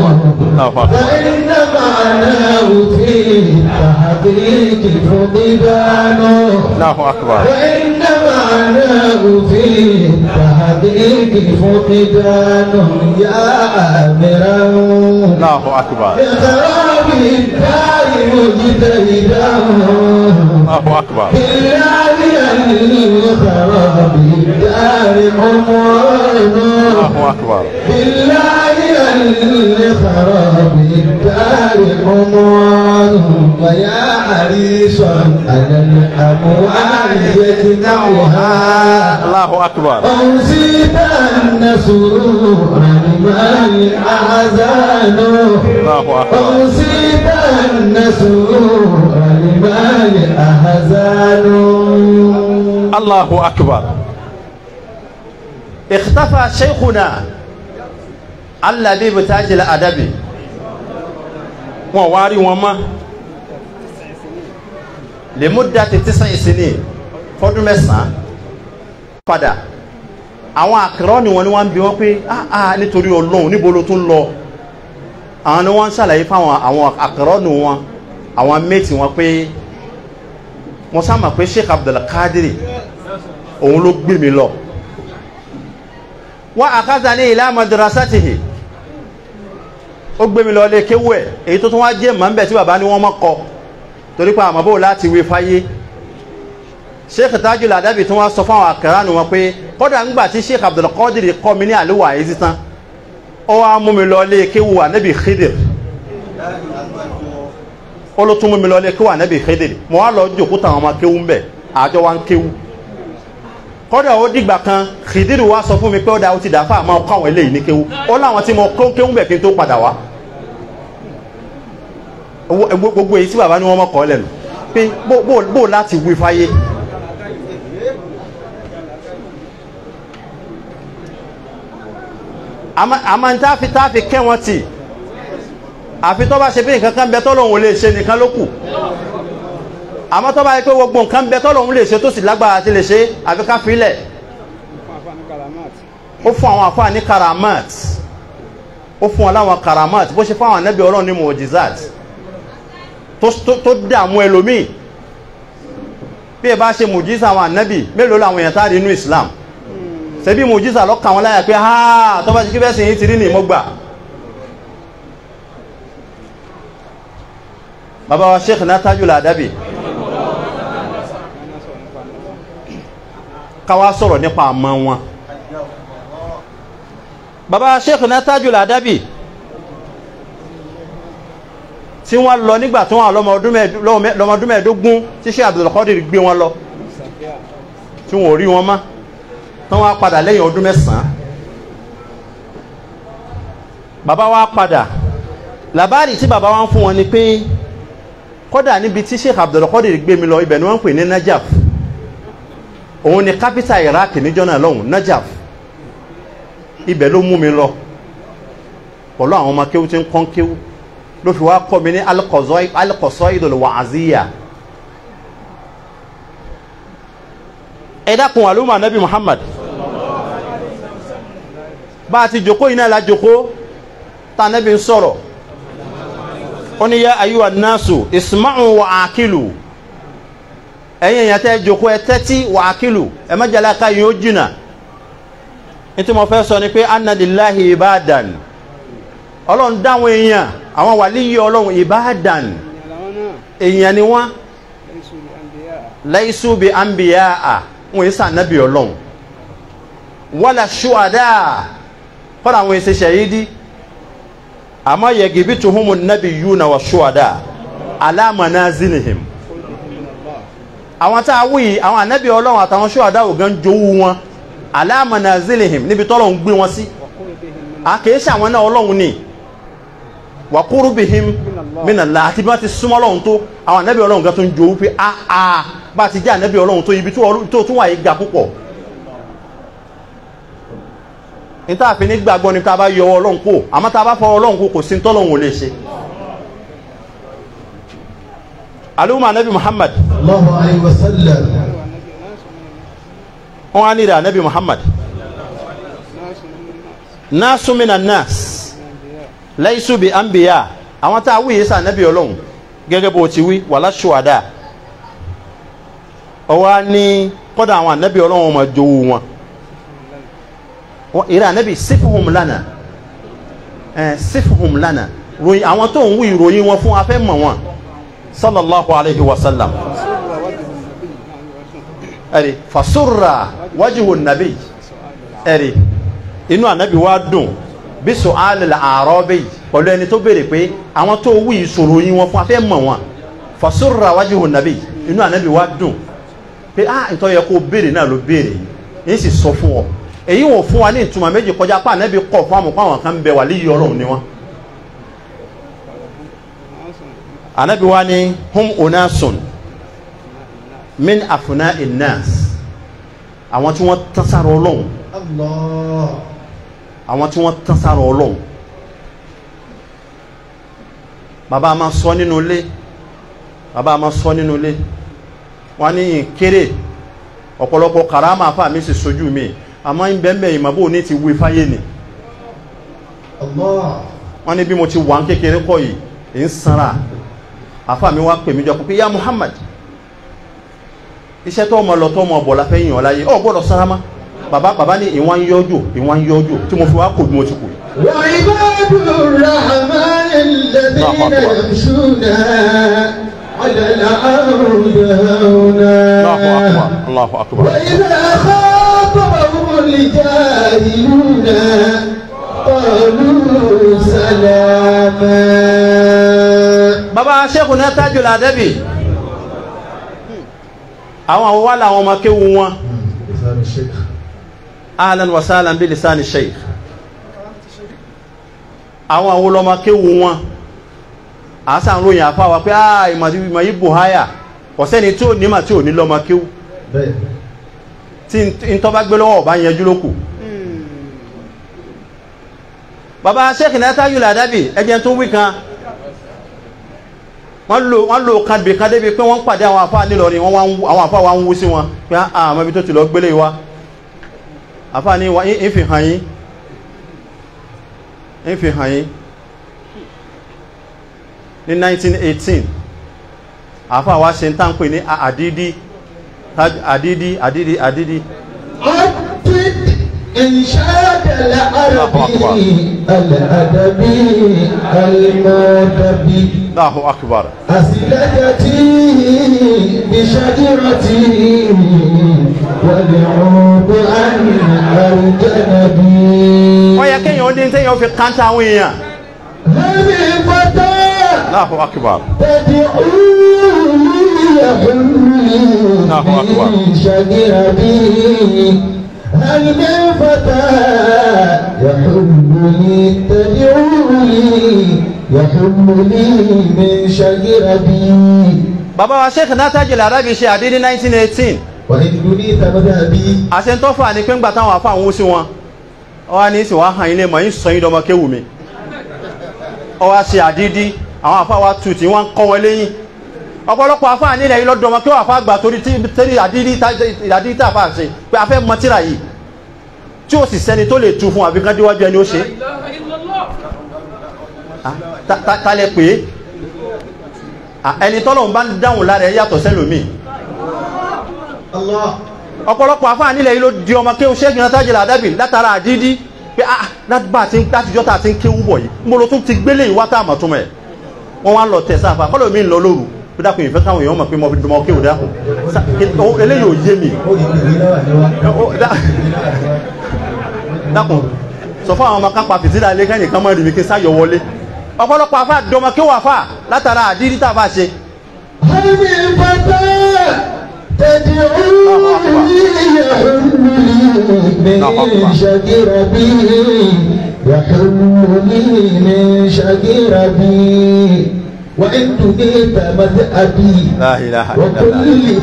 akbar. فإن معناه فيه تحقيق فقدانه الله أكبر فإن معناه في تحقيق فقدان يا آمرا الله أكبر بالإنكار مجتهدا الله أكبر إلا لأهل خراب الدار عمران الله أكبر إلا لأهل خراب الدار عمران ويا حريصا على الأموال يجمعها الله أكبر أوصيت أن سرورا من الأحزان الله أكبر الله أكبر اختفى شيخنا الذي بتاج الأدب وواري وما لمدة تسع سنين fọdún mẹ́sàn-án padà àwọn àkìrọ́ ni wọ́n ni wọ́n ń bi wọ́n pé ah ah nítorí ọlọ́run níbo ló tún lọ àwọn ni wọ́n ń ṣàlàyé fáwọn àwọn àkàrọ́nù wọn àwọn méètì wọn pé wọ́n sá mà pé Sheikh Abdulkadiri òun ló gbé mi lọ wọ́n àkàtà ní ilá madrasatihi ó gbé mi lọ lé kéwú ẹ̀ èyí tó tún wá jẹ́ màmbẹ̀ tí bàbá ní wọ́n mọ́ kọ torí pé àmọ́ bò láti wí fáyé Sheikh Tajul Adabi tí wọ́n sọ fáwọn àkàrọ́nù wọn pé kọ́dà ńgbà tí Sheikh Abdulkadiri kọ́ mi ní àlùwà èyí tán ó wá mú mi lọ lé kéwù ànábì Khidir ó ló tún mú mi lọ lé kéwù ànábì Khidir mo wá lọ jòkó táwọn ọmọ kéwù ń àjọ wa ń kéwù kọ́dà ó dìgbà kan Khidir wá sọ fún mi pé ó da ó ti dà fún àmọ́ ọkọ àwọn eléyìí ní kéwù ó láwọn tí mo kó ń kéwù kí n tó padà wá gbogbo èyí tí bàbá ni wọ́n mọ̀ kọ́ lẹ́nu pé bó láti wí fáyé. àmọ́ ní táàfi táàfi kẹ́ wọn tì àfi tó bá ṣe bí nǹkan kan bẹ tọ́lọ́hún lè ṣe nìkan ló kù àmọ́ tó bá yẹ pé gbogbo nǹkan bẹ tọ́lọ́hún lè ṣe tó sì lágbára àti lè ṣe àfi ká filẹ̀ ó fún àwọn àfáà ní karamat ó fún wọn láwọn karamat bó ṣe fún àwọn anábì ọlọ́run ní mojizat tó dààmú ẹlòmíì bí ẹ bá ṣe mojizat àwọn anábì mélòó làwọn èèyàn tá a rí inú Islam ṣebí mùjísà lọ́kàn wọn láyà pé ha tó bá ti kí bẹ́sìn yìí ti rí ní mọ́gbà bàbá wa sheikh natajul adabi káwá sọ̀rọ̀ nípa àmọ́ wọn bàbá sheikh natajul adabi tí wọ́n lọ nígbà tí wọ́n lọ́mọdún mẹ́ẹ̀ẹ́dógún tí sheikh abdulkadir gbé wọn lọ tí wọ́n rí wọn mọ́ tán wá padà lẹ́yìn ọdún mẹ́sàn-án bàbá wa padà làbáàrí tí bàbá wa ń fún wọn ni pé kódà níbi tí Sheikh Abdulkadir gbé mi lọ ibẹ̀ ni wọ́n ń pè ní Najaf òun ni kápítà Iraq níjọ́ náà lọ́hùn Najaf ibẹ̀ ló mú mi lọ pẹ̀lú àwọn ọmọ kéwú tí ń kọ́ kéwú ló fi wá kọ́ mi ní alikọ̀sọ́ ìdòlùwà àzíyà. Al ẹ dákun àlùmọ̀ anabi Muhammad bá a ti jòkó iná la jòkó tá anabi ń sọ̀rọ̀ ó ní yá ayúwa nasu isma'u wa akilu ẹ̀yin èèyàn tẹ́ jòkó ẹ tẹ́tí wa akilu ẹ má jẹ́ aláka yìí ó jìnnà mo fẹ́ sọ ni pé anadilahi ibadan ọlọ́run dáwọn èèyàn àwọn wàlíyí ọlọ́run ibadan èèyàn ni wọ́n laisu bi anbiya'a wọn yìí sànàbì ọlọ́run wala ṣuada kọ́dà wọn yìí ṣe ṣẹ̀yídì àmọ́ yẹgi bí tuhumu nàbì yuna wa ṣuada alámàná zinihim àwọn tá a wí yìí àwọn ànàbì ọlọ́run àtàwọn ṣuada ò gan jowú wọn alámàná zinihim níbi tọ́lọ̀ ń gbé wọn sí àkèéṣe àwọn náà ọlọ́run ni wà kúrú bìhín mínàlá àti bí wọ́n ti súnmọ́ ọlọ́run tó àwọn ànábì ọlọ́run kan tó ń jowú pé áá bá ti jẹ́ ànábì ọlọ́run tó ibi tó tún wà yìí ga púpọ̀ níta àfi ní gbàgbọ́ ni ká bá yọ ọlọ́run kó àmọ́ tá a bá fọ ọlọ́run kó kò sí ní tọ́lọ́run ò lè ṣe. aluma anabi muhammad. allahu alayhi wa sallam. á nílẹ̀ anabi muhammad. nasu minan nas laisu bi anbiya àwọn tá a wúyè sá anabi ọlọ́run gẹ́gẹ́ bó ti wí wàlá ṣùwádà ọwọ́ á ní àwọn anabi ọlọ́run ọmọ jowó wọn eré anabi sifuhum lana ẹ sifuhum lana ròyìn àwọn tó ń wí ròyìn wọn fún afẹ́ mọ̀ wọn sallallahu alayhi wa sallam ẹ̀rí fasurra wájú wo nàbí ẹ̀rí inú anabi wa dùn bí sùhálì àárọ̀ bẹ́yì pẹ̀lú ẹni tó béèrè pé àwọn tó wí ìṣòro yín wọn fún afẹ́ mọ̀ wọn fasurra wájú nàbí inú ànábì wa dùn pé ah nítorí yẹ kó béèrè náà ló béèrè yìí sì sọ fún ọ èyí wọn fún wa ní ìtumọ̀ méjì kọjá pé ànábì kọ̀ fún àwọn káwọn kan bẹ wà líyìí ọlọ́run ni wọn. ànábì wa ni hum onasun min afuna innas àwọn tí wọ́n tán sára àwọn tí wọ́n tán sára ọlọ́run bàbá máa sọ nínú ilé bàbá máa sọ nínú ilé wọ́n ní kéré ọ̀pọ̀lọpọ̀ karama afa mi sì sojú mi àmọ́ ń bẹ́ẹ̀ mẹ́yìn màbó ní ti wí fáyé ni wọ́n ní bí mo ti wà ń kékeré kọ́ yìí ń sanra àfa mi wá pè mí jọ pé ya Muhammad iṣẹ́ tó ọmọ lọ tó ọmọ ọ̀bọ̀ la fẹ́ yìn ọ́ láyé ọ̀ gbọ́dọ̀ sanra máa. Baba, bàbá ní ìwọ̀n ń yọjú ìwọ̀n ń yọjú tí mo fi wá kò bí mo ti kù. وعباد الرحمن الذين يمشون على الأرض هونا الله أكبر وإذا خاطبهم الجاهلون قالوا سلاما bàbá Sheikhuna Tajul Adabi àwọn àwọn wà láwọn ọmọ kéwu wọn. Alan wa sahlan bi lisani sheikh àwọn àwọn olọmọkéwu wọn àásà ń ròyìn àfa wa pé ah ìmọ̀ yìí buhaya ọ̀sẹ́ni tí ò ní mà tí ò ní lọ́mọkéwu tí ntọ́ bá gbé lọ́wọ́ ọ̀bá yanjú ló hmm. baba sheikh nata yìí làdábì ẹjẹ tó wí kan wọ́n lò wọ́n lò kan bìkan débi pé wọ́n pàdé àwọn afa nílọrin àwọn afa wa ń wú sí wọn pé ah, àwọn ibi tó ti lọ gbélé wa àfáà ni wa ń fi hàn yín ń fi hàn yín ní 1918 àfáà wá ṣe ń tán pè ní àdídí àdídí àdídí àdídí. إنشاد العربي الأدبي المؤدبي wọ́n yẹ kéèyàn ó dín téèyàn fi kántà àwọn èèyàn. lẹ́mi pátá. Allahu akbar. tẹ̀sí olú yẹ̀kùn mi ṣàgìrà bíi. هل من فتى يحبني تدعوني يحبني من شجرتي بابا شيخ ناتاج العربي شيخ 1918 wàhíndú ní ìtànàbí àbí. àṣetọ́fà ni pé ńgbà táwọn afá àwọn oṣù wọn ọwá ní ìsìn wàá hàn ilé mọ̀ yín sọ yín dọmọ kéwù mi ọwá ṣe àdídí àwọn afá wa tù tí wọ́n ń kọ́ wọn léyìn ọ̀pọ̀lọpọ̀ afá nílẹ̀ yìí lọ́dọ̀ ọmọ kí wọ́n afá gbà torí tẹ́lẹ̀ àdídí tá a fà ṣe pé a fẹ́ mọ tíra yìí tí ó sì sẹ́ni tó lè tu fún àbí kan díwájú ẹni ó ṣe ah, talẹ̀ pé ah, ẹni tọ́lọ́run bá dáhùn ọ̀pọ̀lọpọ̀ afáà nílẹ̀ yìí ló di ọmọ kéwù ṣẹ́gun látàjẹ́ làdábì látara àdídí pé ah látìgbà tí látijọ́ tá a ti ń kéwù bọ̀ yìí mo lo tún ti gbélé ìwá tá a mọ̀ túmọ̀ ẹ̀ wọ́n wá ń lọ tẹ̀sán àfa kọ́lọ̀ mi ń lọ lóru pé dákun ìfẹ́ káwọn èèyàn mọ̀ pé mo fi dùnmọ́ kéwù dákun eléyìí ò yé mi dákun sọ fún àwọn ọmọ kápá fìtílà ilé kẹ́yìn kan mọ́ ọ̀pọ̀lọpọ̀ afá dọmọ kéwù látara àdídí fà ṣe. wọ́n ní ìfẹ́ tẹ́ẹ̀. تدعوني يحلني من شكربي يحلني من شكربي وإن تديت مذأبي لا إله إلا الله وكل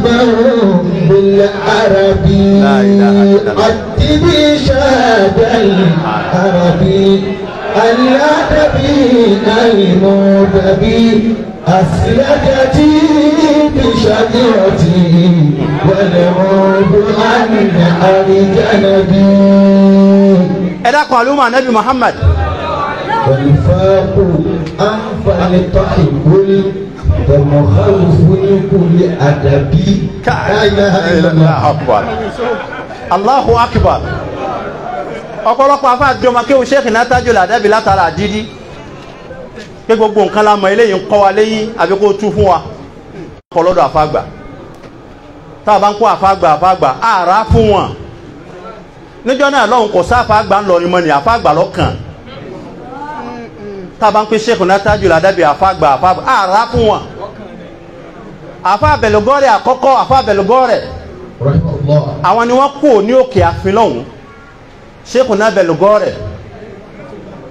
بالعربي لا إله إلا الله قدمي شهادة العربي ألا تبين الموت أسلكتي بشجرتي ونعود عن عن جنبي ẹ̀dá kan àlùmọ̀ ànábì Muhammad. والفاق أنفى لطيب ومخالف لكل أدبي لا إله إلا الله أكبر الله أكبر ọ̀pọ̀lọpọ̀ afa àdìọmọ kéwù Sheikh Natajo làdábì látara àdídí pé gbogbo nǹkan la mọ eléyìí ń kọ́ wa léyìn àbí kó tú fún wa kọ́ lọ́dọ̀ àfàgbà tá a bá ń kó àfàgbà àfàgbà àrà fún wọn níjọ́ náà lọ́hùn kò sáfà àgbà ńlọrin mọ́ ni àfàgbà lọ́kàn tá a bá ń pè Sheikh Natajuul Adaby àfàgbà àfàgbà àrà fún wọn àfà àbẹ̀lógọ́rẹ̀ àkọ́kọ́ àfà àbẹ̀lógọ́rẹ̀ àwọn ni wọ́n kú ní òkè àfin lọ́hùn Sheikh Natajuul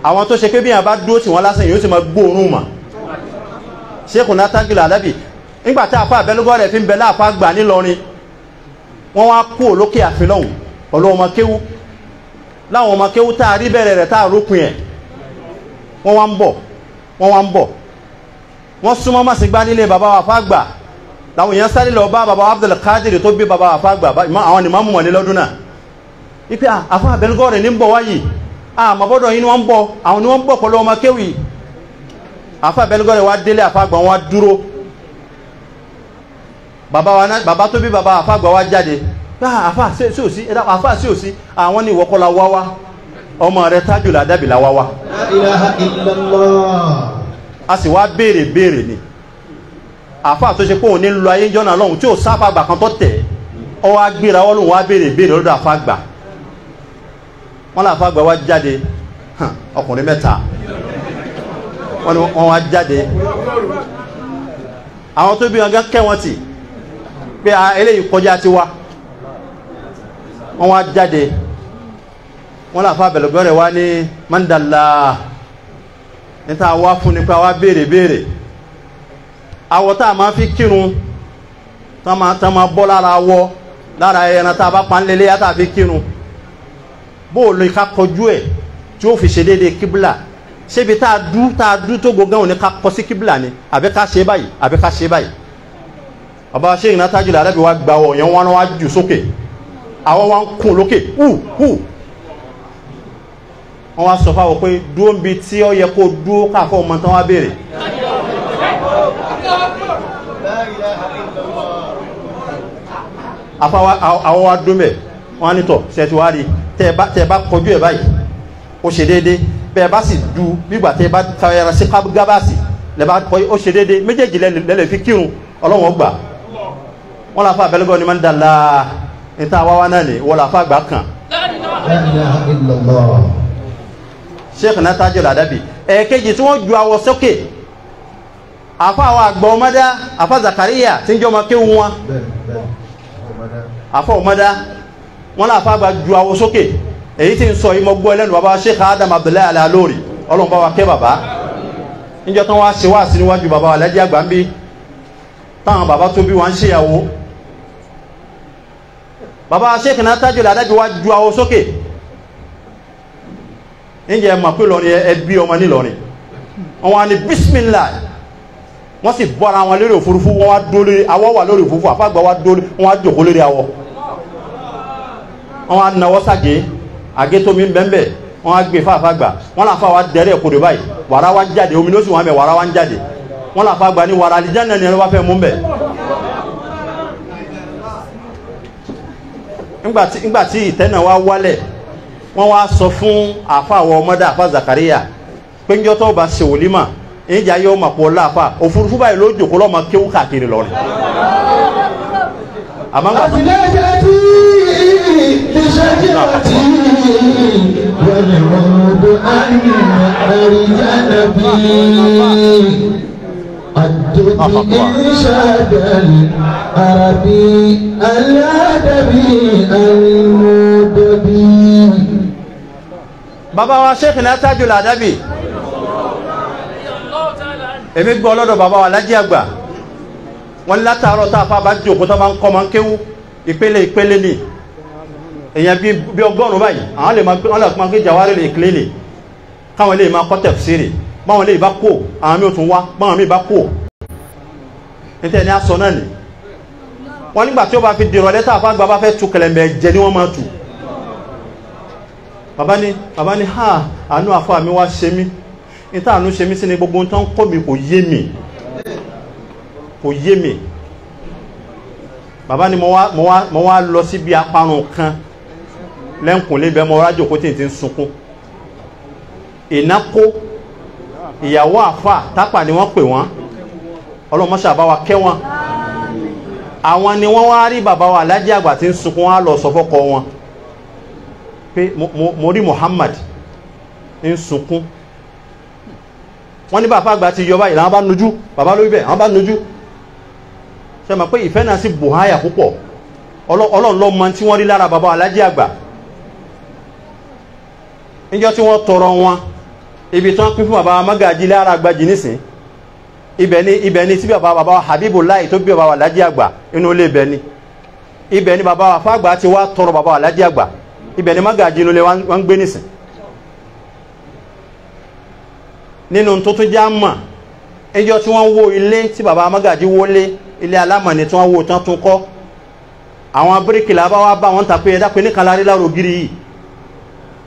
àwọn tó ṣe pé bí yàn bá dúró tí wọ́n lásán yóò ti máa gbóòórùn mà Sheikh Natajuul Adaby nígbà tá àfa àbẹ́lúgọ́ rẹ̀ fi ń bẹ láàfa gbà nílọrin wọ́n wá kú òlókè àfilọ́hùn ọ̀lọ́ ọmọ kéwú láwọn ọmọ kéwú tá a rí bẹ̀rẹ̀ rẹ̀ tá a rópin ẹ̀ wọ́n wá ń bọ̀ wọ́n wá ń bọ̀ wọ́n súnmọ́ mọ́sìngbá nílé bàbá wa fa gbà làwọn èèyàn sáré lọ bá bàbá Abdul Qadir tó bí bàbá wa fa àwọn ni màmú wọlé lọ́dún náà ipe àfa àbẹ́lúgọ́ rẹ̀ ní ń bọ̀ wáyìí àmọ́bọ́dọ̀ yìí ni wọ́n ń bọ̀ àwọn ni wọ́n ń bọ̀ pẹ̀lú ọmọ kéwì àfa àbẹ́lúgọ́ rẹ̀ wá délé àfa àgbà wọn dúró bàbá wa náà bàbá tó bí bàbá àfa àgbà wa jáde àfa sí òsí àfa sí òsí àwọn ní ìwọ́kọ́lá wá wá ọmọ rẹ tájùlá dábìlá wá wá. a sì wá béèrè béèrè ni àfa tó ṣe pé òun ní lọ ayé jọ́nà lọ́hùn tí ò sáfà àgbà kan tó tẹ̀ ọ wá gbéra wọ́n lòun wá béèrè béèrè lọ́dọ̀ àfa àgbà wọ́n làfa àgbà wa jáde ọkùnrin mẹ́ta wọ́n wá jáde àwọn tó wọn gán kẹ́ wọn tì pé ah, eléyìí kọjá ti wá wọ́n wá jáde wọ́n láfa bẹ̀lẹ̀gbọ́rẹ̀ wá ní mandala níta wá fún a wá béèrè béèrè awọ tá a máa fi kírun tá a máa bọ́ lára awọ lára ẹran tá a bá pa ńlẹ́lẹ́ yá tá a fi kírun bóòlù ká kọjú ẹ̀ tí ó fi ṣe déédéé kíbla ṣébi tá a dú tá a dú tó gbogbo ẹ̀ òní ká kọ sí kíbla ni àbí ká ṣe báyìí àbí ká ṣe báyìí bàbá sheik natajú làdábì wa gba ọ̀yàn wọn wá jù sókè àwọn wa ń kún lókè hù hù wọ́n wá sọ fáwọn pé dúró ń bi tí ó yẹ kó dúró káfọ́ ọmọ tán wá béèrè àwọn wa dún bẹ̀ wọ́n á ní tọ̀ ṣẹ̀tù wá rí tẹ̀ bá kọjú ẹ̀ báyìí ó ṣe déédéé bẹ́ẹ̀ bá sì du bígbà tẹ́ bá tayara sí gábàásì lẹ́bàá kọ́ ó ṣe déédéé méjèèjì lẹ́lẹ́ fi kírun ọlọ́wọ́n gbà wọ́n fa àbẹ́lẹ́gọ́ ni máa ń dàlá níta wáwá náà ni wọ́n fa àgbà kan. sheikh natajo ladabi ẹ̀ẹ̀kejì tí wọ́n ju awọ sókè afa àwọn àgbà ọmọdá afa zakariya tí ń jẹ́ ọmọ kéwu wọn afa ọmọdá wọ́n láfa àgbà ju awọ sókè èyí tí ń sọ yìí mọ gbọ́ ẹlẹ́nu bàbá sheikh adam abdullahi alalori ọlọ́run bá wa kẹ́ bàbá níjọ́ tán wá ṣe wá sí níwájú bàbá wa lẹ́jẹ́ àgbà ń bí táwọn bàbá tó bí wọn ń ṣèyàwó bàbá sheikh náà tájò la adájọ́ wá ju awọ sókè níjẹ́ ẹ mọ̀ pé lọ́rin ẹbí ọmọ nílọrin wọ́n wá ní bismillah wọ́n sì bọ́ ara wọn lórí òfurufú wọ́n wá dó lórí awọ wà lórí òfurufú àfàgbà wá dó wọ́n wá jòkó lórí awọ wọ́n wá nawọ́ ságé àgétomi bẹ́ẹ̀ wọ́n wá gbé fáfá gbà wọ́n làfa wa dẹ́rẹ́ kodo báyìí wàrà wa jáde omi ló sì wọ́n mẹ́ wàrà wa jáde wọ́n làfa gbà ní wàrà àlìjáná ni ẹni wá fẹ́ mú bẹ́ẹ̀. ngbàtí ngbàtí ìtẹ́nà wa wálẹ̀ wọ́n wá sọ fún àfa àwọn ọmọdé àfa Zakaria pé njọ́ tó bá ṣe wòlímà ìjà yóò mà pọ̀ láàfà òfurufú báyìí ló jòkó lọ́mọ kéwú káàkiri lọ rẹ̀. àmọ́ ngbà tó. àtìlẹ́yìn tí ìṣẹ́jẹ́ àti wẹ̀lẹ̀ ọ̀dọ́ àyìn àríyá nàbí àdókè ìṣàdálẹ̀. العربي الأدبي المدبي bàbá wa sheikh ní atájú làdábì èmi gbọ́ ọlọ́dọ̀ bàbá wa lájí àgbà wọn látàárọ̀ tá a fa bá jòkó tó bá ń kọ́ máa ń kéwú ìpele ìpele ni èèyàn bí ọgọ́rùn-ún báyìí àwọn lè máa gbé jàwárí lè kílé ni káwọn lè máa kọ́ tẹ̀fsírì báwọn lè bá kó àwọn mi ò tún wá báwọn mi bá kó nítorí a sọ náà nìyí wọn nígbà tí ó bá fi dèrò ọ̀lẹ́ta àfágbà bá fẹ́ tu kẹlẹ̀mẹ̀ jẹ ni wọ́n máa tù bàbá ni bàbá ni ha àánú àfáà mi wá ṣe mí níta àánú ṣe mí sí ni gbogbo nǹkan kọ́ mi kò yé mi kò yé mi bàbá ni mo wá mo wá mo lọ síbi aparun kan lẹ́ǹkùnlé bẹ́ẹ̀ mo rájò kó tètè ń sunkún ìnákó ìyàwó àfáà tápà ni wọ́n pè wọ́n ọlọ́mọṣà bá wa kẹ́ wọn àwọn ni wọ́n wá rí bàbá wa alájí àgbà tí ń sunkún á lọ sọ fọ́kọ wọn pé mo rí Muhammad ń sunkún wọ́n ní bàbá àgbà ti yọ báyìí làwọn bá nujú bàbá lórí bẹ́ẹ̀ àwọn bá nujú ṣe mọ̀ pé ìfẹ́ náà sì bùháyà púpọ̀ ọlọ́run ló mọ tí wọ́n rí lára bàbá alájí àgbà níjọ́ tí wọ́n tọrọ wọn ibi tí wọ́n pín fún bàbá magájí lára àgbàjì nísìn ibẹ̀ ni ibẹ̀ ni tí bàbá bàbá wa Habibullahi tó bí bàbá wa Alhaji àgbà inú ilé ibẹ̀ ni ibẹ̀ ni bàbá wa fàgbà ti wá tọrọ bàbá wa Alhaji àgbà ibẹ̀ ni magaji inú ilé wa ń gbé nìsín nínú tuntun já mọ̀ ẹjọ́ tí wọ́n wó ilé tí bàbá magaji wọlé ilé alámọ̀ni tí wọ́n wó tán tún kọ́ àwọn bíríkìlà bá wá bá wọn ta pé ẹ̀dá pé níkan lárí lárògiri yìí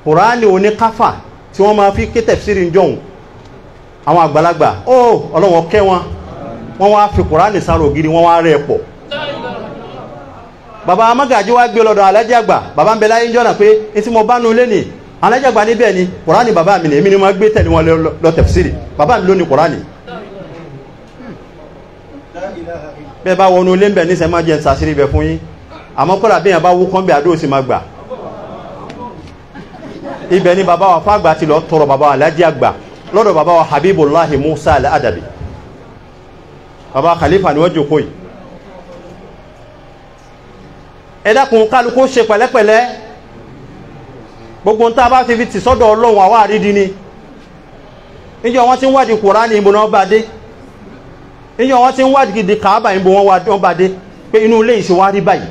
kùránì oníkáfà tí wọ́n máa fi ké tẹ̀síìrì jọ̀hún àwọn àgbàlagbà ó ọlọ́wọ́n kẹ́ wọn wọ́n wá fi kùránì sára ògiri wọ́n wá rẹ̀ pọ̀ bàbá amágàjí wá gbé lọ́dọ̀ alájì àgbà bàbá ń bẹ láyé jọ́nà pé etí mo bá nu lé ní alájì àgbà níbẹ̀ ni kùránì bàbá mi ni èmi ni wọ́n gbé tẹ̀lé wọn lọ tẹ̀fsírì bàbá mi ló ní kùránì bẹ́ẹ̀ bá wọnú ilé ń bẹ̀ níṣẹ́ má jẹ́ ń bẹ̀ fún yín àmọ́ kọ́lá bí yẹn bá wú kán bẹ̀ àdó sì má gbà ibẹ̀ ni bàbá wa fáàgbà ti lọ tọrọ bàbá wa alájì àgbà lọ́dọ̀ bàbá wa habibullahi musa al-adabi bàbá khalifa ni wọ́n jòkó yìí ẹ dákun kálukú ṣe pẹ̀lẹ́pẹ̀lẹ́ gbogbo nta bá ti fi tì sọ́dọ̀ ọlọ́run àwa àrídìí ni níjọ́ wọ́n ti ń wádìí kùránì ìbò náà bá dé níjọ́ wọ́n ti ń wádìí gidi kàábà ìbò wọn bá dé pé inú ilé ìṣe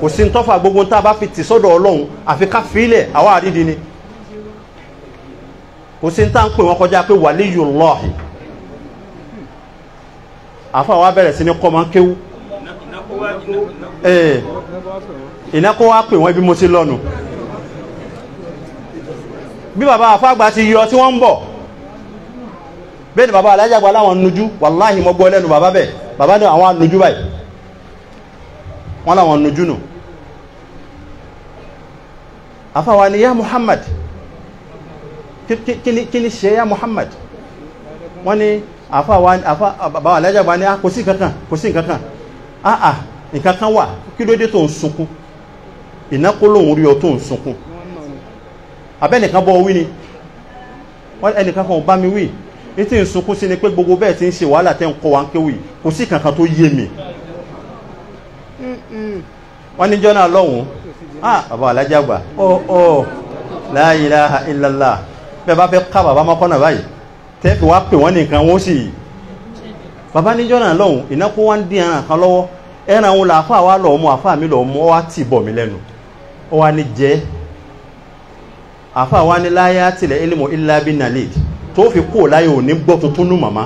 kò sí ntọ́fà gbogbo tá a bá fi tì sọ́dọ̀ ọlọ́run àfi ká filẹ̀ àwa àdídì ni kò sí tá à ń pè wọ́n kọjá pé waliyullah àfa wa bẹ̀rẹ̀ sí ni kọ́mọ kéwú eh, ìnákó wa pè wọ́n ibi mo ti lọ́nu bí bàbá àfàgbà ti yọ tí wọ́n ń bọ̀ bẹ́ẹ̀ ni bàbá alájàgbà láwọn nujú wàláhì lẹ́nu bàbá bẹ́ẹ̀ bàbá ní àwọn anujú báyìí wọ́n láwọn nu júnù afáwa ni ya muhammad kí ni ṣe ya muhammad wọ́n ni afáwa àbáwà lẹ́jàgbá ni ah, kò sí nǹkankan kò sí nǹkankan àà ah, ah, nǹkankan wà kí ló dé tó ń sunkún ìnákólóhùn rí ọ tó ń sunkún abẹ́nìkan bọ́ wí ni ẹnìkan kan ò bá mi wí ní tí ń sunkún sí ni pé gbogbo bẹ́ẹ̀ ti ń ṣe wàhálà tẹ́ ń kọ́ wa ń kéwì kò sí kankan tó yé mi wọ́n ní jọ́nà lọ́hùn ah, ah bàbá alájàgbà oh oh la ilaha illallah bẹ́ẹ̀ bá fẹ́ ká bàbá mọ́kànnà báyìí tẹ́ẹ̀kì wá pè wọ́n nìkan wọ́n sì bàbá ní jọ́nà lọ́hùn ìnákó wá ń dín ẹran kan lọ́wọ́ ẹran òun làáfà wa lọ́ọ́ mú àfà mi lọ́ọ́ mú ọ wá tì bọ̀ mí lẹ́nu ọ wá ní jẹ́ àfà wa ní láyé tilẹ̀ ilmu illa bin nalid tó fi kú láyé òní gbọ́ tuntun nù màmá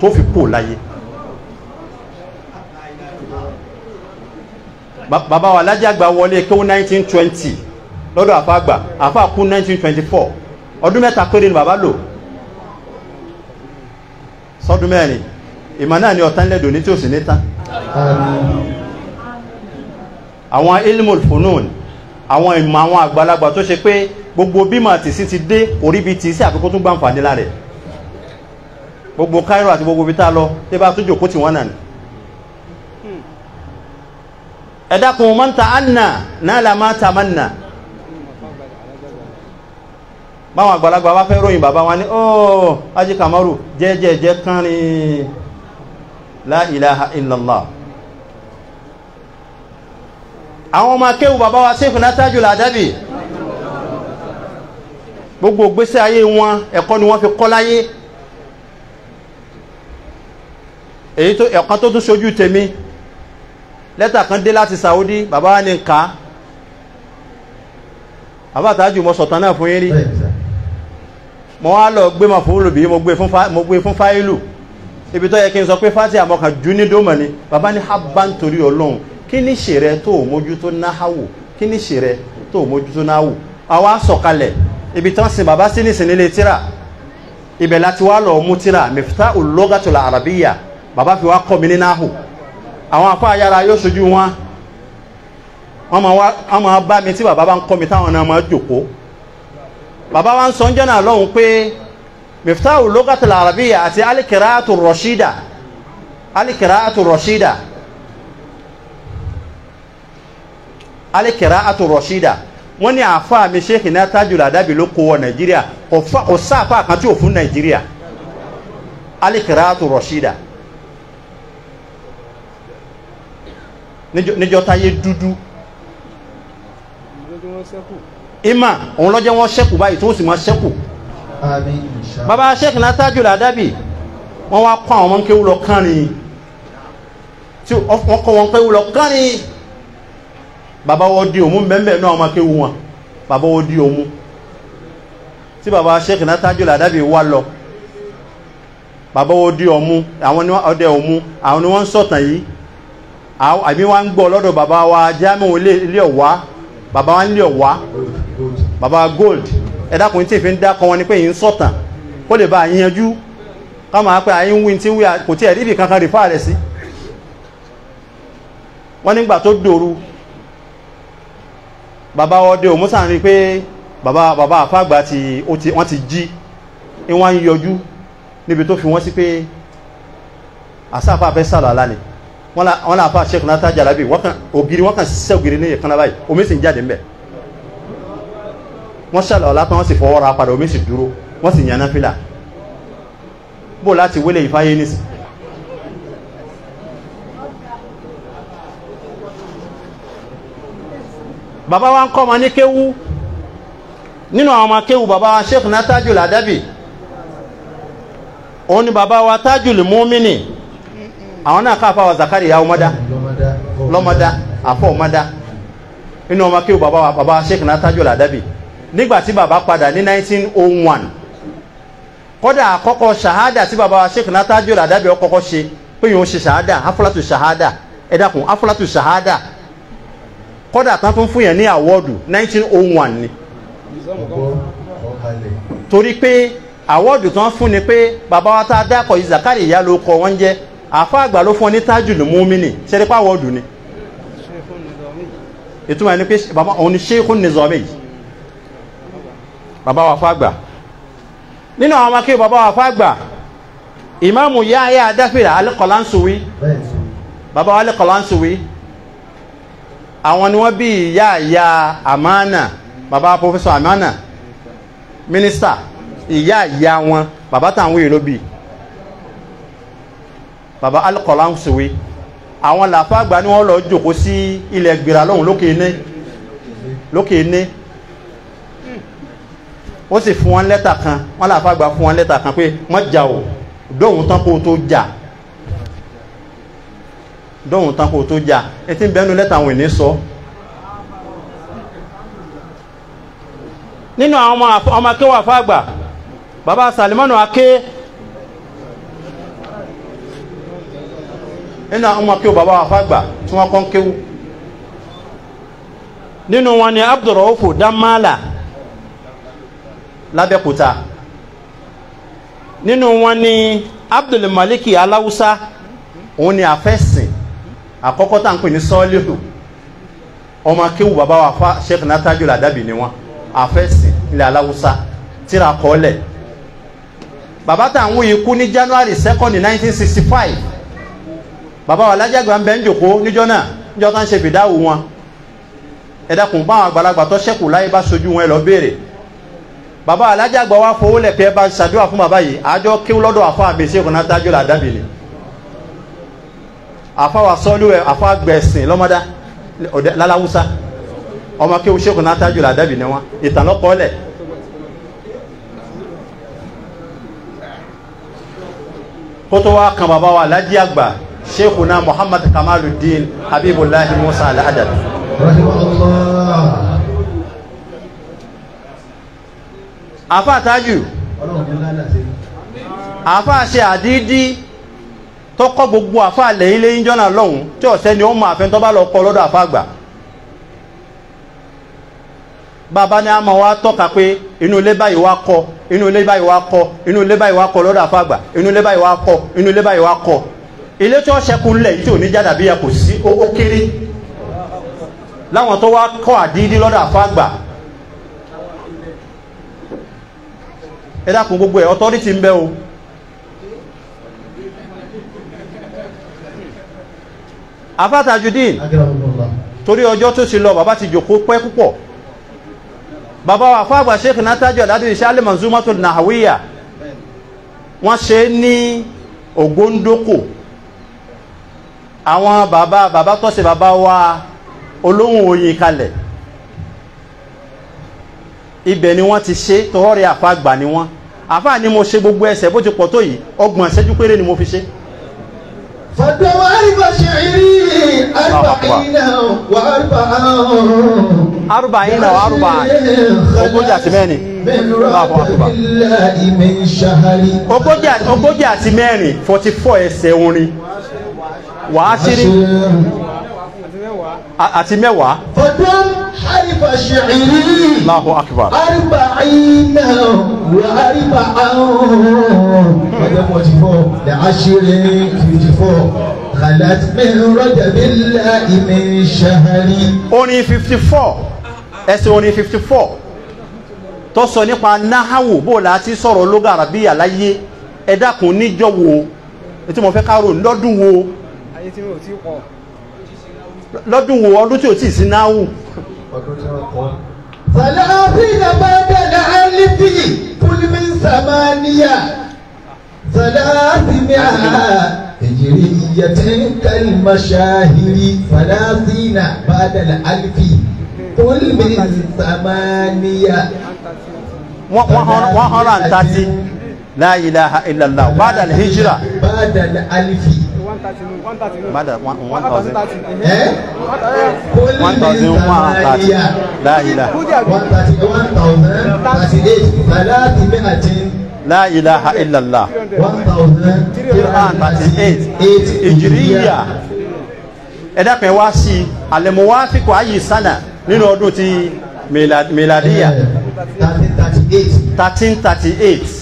tó fi kú láyé bàbá wa alájà àgbà wọlé kéwú nineteen twenty lọ́dọ̀ àfa àgbà àfa kú nineteen twenty four ọdún mẹ́ta péré ni bàbá lò sọdún mẹ́rin ìmọ̀ náà ni ọ̀tá ńlẹ̀ dòní tí ò sì ní tán àwọn ilmul funun àwọn ìmọ̀ àwọn àgbàlagbà tó ṣe pé gbogbo bímọ àtìsí ti dé orí bíi tìsí àfikún tún gbàǹfààní lára ẹ̀ gbogbo Cairo àti gbogbo ibi tá a lọ tí bá tún jòkó tì wọ́n náà ni ẹ dákun man ta'anna nala ma tamanna báwọn àgbàlagbà wá fẹ́ ròyìn bàbá wa ní ooo oh, Haji Kamaru jẹ́jẹ́jẹ́ kan ní la ilaha illallah àwọn ọmọ akéwù bàbá wa sí ìfúnná tájù làdábì gbogbo gbèsè ayé wọn ẹ̀kọ́ ni wọ́n fi kọ́ láyé èyí tó ẹ̀kọ́ tó tún ṣojú tèmi lẹ́tà kan dé láti Saudi bàbá wa ní nǹka bàbá àtàjù mo sọ̀tàn náà fún yín rí mo wá lọ gbé ma fún olùbí mo gbé fún fáìlù ibi tó yẹ kí n sọ pé fati àmọkàn jù ní dómọ ni bàbá ní haba nítorí Ọlọ́run kí ní ṣe rẹ tó mójútó náhàwò kí ní ṣe rẹ tó mójútó náhàwò àwa sọ̀kalẹ̀ ibi tán sin bàbá sí ní sinilé tíra ibẹ̀ láti wá lọ mú tíra mẹfìtá ológàtúlà àràbíyà bàbá fi wá kọ́ mi ní náhàwò àwọn apá ayára yóò ṣojú wọn wọ́n máa bá mi tí bàbá bá ń kọ́ mi táwọn náà máa jòkó bàbá wa ń sọ jẹ́nà lọ́hùn pé miftahu lugatil arabiya àti alikiraatu rashida alikiraatu rashida alikiraatu rashida wọ́n ní àáfàá mi sheikh náà tajul adabi ló kó wọ nàìjíríà kò sáàpá kan tí ò fún nàìjíríà alikiraatu rashida. níjọ́ táyé dúdú ìmà òun lọ́jọ́ wọn ṣẹ́kù báyìí tó sì máa ṣẹ́kù bàbá sheikh natájù làdábì wọ́n wá kọ́ àwọn ọmọ kéwú lọ kánrin tí wọ́n kọ́ wọn kéwú lọ kánrin bàbá wọ́n di òmu bẹ́ẹ̀ náà ọmọ kéwú wọn bàbá wọ́n di òmu tí bàbá sheikh natájù làdábì wá lọ bàbá wọ́n di òmu àwọn ọdẹ òmu àwọn ni wọ́n ń sọ̀tàn yìí àbí wọ́n ń gbọ́ lọ́dọ̀ bàbá wa jamiu ilé ọ̀wá bàbá wa nílé ọ̀wá bàbá gold ẹ̀dá kò ní tí ì fi ń dákan wọn ni pé yìí ń sọ̀tàn kó lè bá a yanjú ká máa pẹ́ àyín wí tí wí kò tí ẹ̀ rí ibì kankan rìfá rẹ̀ sí. wọ́n nígbà tó dòru bàbá ọdẹ òmùsà rí pé bàbá bàbá àfàgbà tí wọ́n ti jí ni wọ́n ń yọjú níbi tó fi wọ́n sí pé àsáfà fẹ́ sàlọ̀ àlálẹ̀ wọn la fa sẹkùn náà tajà lábẹ wọn kan ògiri wọn kan sẹ ògiri ní ìkànnà báyìí omi sì ń jáde nbẹ wọn ṣàlọ látọ wọn sì fọwọ́ ra padà omi sì dúró wọn sì yànnà fìlà bó láti wélé ìfáyé nísì. bàbá wa ń kọ́ ọmọ ní kéwú nínú àwọn ọmọ kéwú bàbá wa sẹkùn náà tajù làdábì òun ni bàbá wa tajù lè mú mí nì. àwọn náà káàpá wa Zakaria ọmọdá lọmọdá àfọ ọmọdá inú ọmọ kí o bàbá wa bàbá Sheikh Natajul Adabi nígbà tí bàbá padà ni 1901 kódà àkọ́kọ́ shahada tí bàbá wa Sheikh Natajul Adabi ọkọ́kọ́ ṣe pé yóò o se shahada ṣahada shahada dákun afúlàtù shahada kódà tán tún fún yẹn ní àwọ́ọ̀dù 1901 ni torí pé àwọ́ọ̀dù tán fún ni pé bàbá wa ta a dákọ̀ yìí Zakaria ló kọ wọ́n jẹ́ àfọ àgbà ló fún ọ ní tájù ló mú mi nì ṣe ní pàwọ́ ọdún ni ìtumọ̀ ẹni pé bàbá òun ni ṣéhùn ní zọ́ọ̀bẹ̀ yìí bàbá wa fún àgbà nínú àwọn akéwì bàbá wa fún àgbà ìmáàmù yáyà adáfẹ́rà alẹ́kọ̀láńsùwí bàbá wa alẹ́kọ̀láńsùwí àwọn ni wọ́n bí ìyáàyá àmánà bàbá pọ́fẹ́sọ̀ àmánà mínísítà ìyáàyá wọn bàbá táwọn èrò bíi baba alikọlan sowe àwọn làfa àgbà ni wọ́n lọ jókòó sí ilẹ̀ gbéra lọ́hùn lókè ní lókè ní ó sì fún wọn lẹ́tà kan wọ́n làfa àgbà fún wọn lẹ́tà kan pé má jà o dóhùn tán kó o tó jà dóhùn tán kó o tó jà etí ń bẹ́nu lẹ́tà àwọn ènìyàn sọ. So. nínú àwọn ọmọ akéwà fàgbà baba salimanu ake nínú àwọn ọmọ kéwù bàbá wa fàgbà tí wọ́n kàn kéwù nínú wọn ni abdulrahman damala labẹ́kúta nínú wọn ni abdulmaliki aláwùsá òun ni àfẹ́sìn àkọ́kọ́ tá à ń pè ní sọ́ọ́lìhù ọmọ akéwù bàbá wa fa sheikh natajul adabi ni wọn àfẹ́sìn ilẹ̀ aláwùsá tíra kọ́lẹ̀ bàbá tá à ń wúyi kú ní january second nineteen sixty five bàbá wa alájàgbà ń bẹ ń jòkó níjọ́ náà níjọ́ tá ń ṣe fìdáwò wọn ẹ dákun báwọn àgbàlagbà tó ṣẹ́kù láyé bá sojú wọn ẹ lọ béèrè bàbá alájàgbà wa fowó lẹ̀kẹ́ bá ṣàdúrà fún bàbá yìí àjọ kí lọ́dọ̀ àfa àbèsè kan náà dájú làdábì ni àfa wa sọ́ọ́lù ẹ̀ àfa gbẹ̀sìn lọ́mọdá lálàwùsá ọmọ kí oṣù kan náà dájú làdábì ni wọn ìtàn lọ́kọ́ kótó wa kan bàbá wa alájàgbà شيخنا محمد كمال الدين حبيب الله موسى العدد رحمه الله àfáà tájù àfáà ṣe àdídí tó kọ́ gbogbo àfáà lẹ́yìn lẹ́yìn jọ́nà lọ́hùn tí ọ̀sẹ́ ni ó mọ àfẹ́ tó bá lọ kọ́ lọ́dọ̀ àfáà gbà bàbá ni a máa wá tọ́ka pé inú ilé báyìí wá kọ́ inú ilé báyìí wá kọ́ inú ilé báyìí wá kọ́ lọ́dọ̀ àfáà gbà inú ilé báyìí wá kọ́ inú ilé báyìí wá kọ́ ilé tí wọ́n ṣẹkùn lẹ̀ yìí tí ò ní jádàbí yẹ kò sí ó kéré láwọn tó wá kọ́ àdídí lọ́dọ̀ àfáàgbà ẹ dákun gbogbo ẹ̀ ọtọ́rítì ń bẹ o afátajudeen torí ọjọ́ tó ti lọ bàbá ti jòkó pẹ́ púpọ̀ bàbá wa fáàgbà sheikh natajo aládùn iṣẹ́ alẹ́ nahawiya wọ́n ṣe ní ògóńdókò àwọn bàbá bàbá tó ṣe bàbá wa olóhùn oyin kalẹ̀ ibẹ̀ ni wọ́n ti ṣe tọ́rẹ́ àfa gbà ni wọ́n àfa ni mo ṣe gbogbo ẹsẹ̀ bó ti pọ̀ tó yìí ọgbọ̀n ṣẹ́jú péré ni mo fi ṣe. fọdọ́wọ́ àrùbá ṣe rí àrùbáyínà wà àrùbá àrùbáyínà wà àrùbá ogójì àti mẹ́rin ogójì àti mẹ́rin forty four ẹsẹ̀ orin wàá ṣírí àti mẹ́wàá. ọdún àrífà ṣèlérí. Allahu akbar. àrífà iná wà àrífà àwọn. ọjọ́ forty four lè àṣírí fifty four kàlàtí mẹ́rin rọ́jà bí láì mi ṣàhárí. orin fifty four ẹsẹ̀ orin fifty four tó sọ nípa náhàwò bó la ti sọ̀rọ̀ lóga àràbíyà láyé ẹ dákun níjọ́ wo ètò ìmọ̀fẹ́ kárò lọ́dún wo ayé tí wọn ò tí pọ̀. lọ́dún wo ọdún tí ò tí ì sí náà wù. ọdún tí wọn kọ́. sàlàbí nàbà dàda alifi kúlímì sàmáníyà sàlàbí mi à èjìrí iye tí ń kálí maṣáhìrì sàlàbí nàbà dàda alifi kúlímì sàmáníyà. one hundred and thirty la ilaha illallah ba'da al-hijra. ba'da al-alifi one thirty no one thirty no. bada one one thousand. Eh? one thousand one thirty láìla. one thirty one thousand thirty eight bala ti bẹ́ẹ̀ na jẹ́. La ilaha illallah. One thousand three hundred and thirty-eight. Ìjìríyà. Ẹ dápẹ́ wá sí i, àlẹ́mọ̀ wá fíkọ̀ ayé sánà nínú ọdún ti Mìlàdíyà. Eh, thirteen thirty-eight. Thirteen thirty-eight.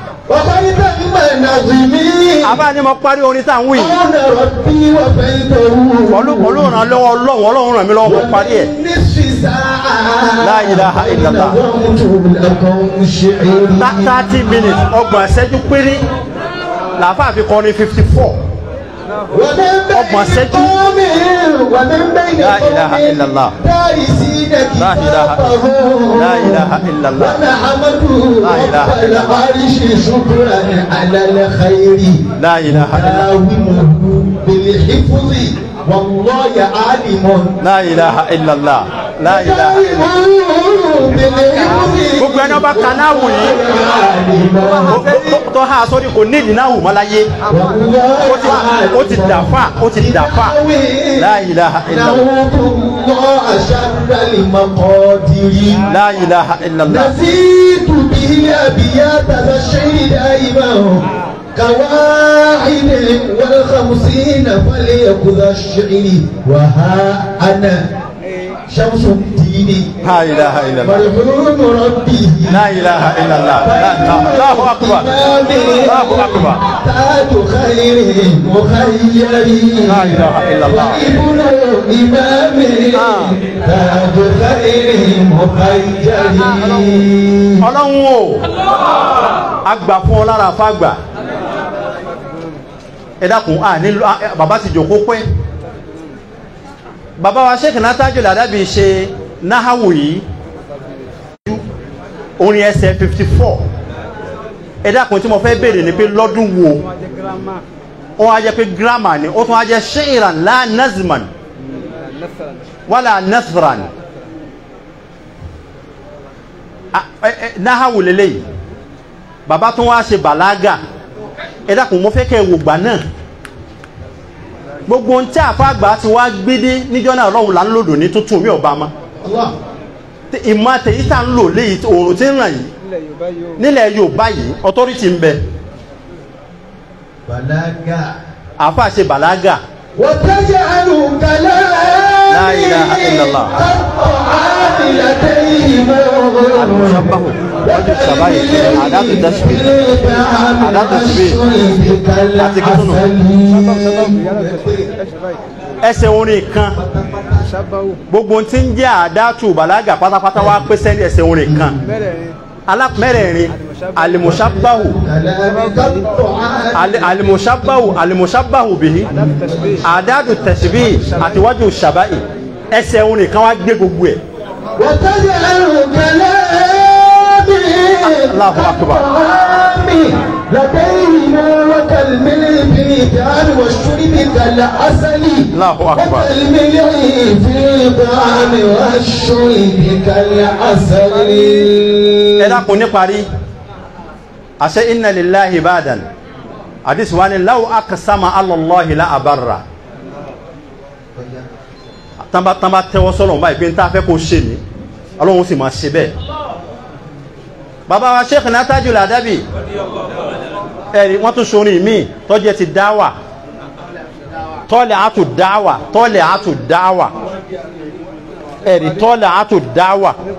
ọ̀tá níbẹ̀ nígbà ìnàjì mi. àbá ni mo parí orin tá à ń wí. àwọn ọ̀rọ̀ bí wọ́n fẹ́ ń tọ́wọ́. mo parí ẹ̀. la ilaha illallah. thirty minutes ọgbọ̀n ìṣẹ́jú péré làáfàá fi kọrin fifty four ọgbọ̀n ṣẹ́jú. la ilaha illallah. la ilaha la ilaha illallah. la ilaha illallah. ilaha illallah láìlà gbogbo ẹni ọba kan náà wù yìí tó hàn sórí kò ní ìdí náà wù mọ́ láyé ó ti dàfà ó ti dàfà láìlà láìlà نسيت به أبيات الشهيد والخمسين فليكذا الشعر وها أنا شمس الدين لا إله إلا الله مرحوم ربه لا إله إلا الله لا الله أكبر الله أكبر تاج خير مخير لا إله إلا الله ابن إمام تاج خير مخير ọlọ́run o àgbà fún ọ lára fàgbà ẹ dákun bàbá ti jòkó pẹ́ bàbá wa sheikh natajul adabi ṣe nahawu yìí orin ẹsẹ̀ fifty four ẹ dákun tí mo fẹ́ béèrè ni pé lọ́dún wo ó wá jẹ́ pé gírámà ni ó tún wá jẹ́ ṣéìràn la nazman wala nasran nahawu lélẹ́yìí bàbá tún wá ṣe bàlágà ẹ dákun mo fẹ́ kẹ́ ẹ wògbà náà. gbogbo ń afọ àfa àgbà ti wá gbédé níjọ́ náà lọ́hùn là ń lòdò ní tuntun mi ò bá ma ìmọ̀ àtẹ̀yí tá ń lò léyìí òòrùn tí ń ràn yìí nílẹ̀ Yorùbá yìí authority ń bẹ. bàlágà. àfa ṣe bàlágà. àlùkálẹ́ lọ́dún sábà yìí àdáàtú tẹ̀síbì àdáàtú tẹ̀síbì àti kẹtùnù ẹsẹ̀ orin kan gbogbo tí ń jẹ́ àdáàtú bàlágà pátápátá wá pé sẹ́ni ẹsẹ̀ orin kan alápẹ̀rẹ̀rin alimushabahu alimushabahu alimushabahu bihi àdáàtú tẹ̀síbì àti wájú ẹsẹ̀ orin kan wá gbé gbogbo ẹ̀. wọ́n tẹ́lẹ̀ ẹ̀rù kẹlẹ́ ẹ̀. الله أكبر لدينا وكالملح في الدار والشرب كالعسل الله أكبر وكالملح في الدار والشرب كالعسل ẹ dákun ní parí àṣẹ inna lillahi ibadan àdìsí wa ni law aqsama alallahi la abarra tán bá tẹ́wọ́ sọ́lọ̀ báyìí pé ń tá a fẹ́ kó ṣe ní ọlọ́run sì máa ṣe bẹ́ẹ̀ bàbá wa sheikh natajul adabi ẹ̀rí wọ́n tún sorin mi? tọ́jẹ́ ti dáwà tọ́lẹ̀ àtò dáwà tọ́lẹ̀ àtò dáwà ẹ̀rí tọ́lẹ̀ àtò dáwà ẹ̀rí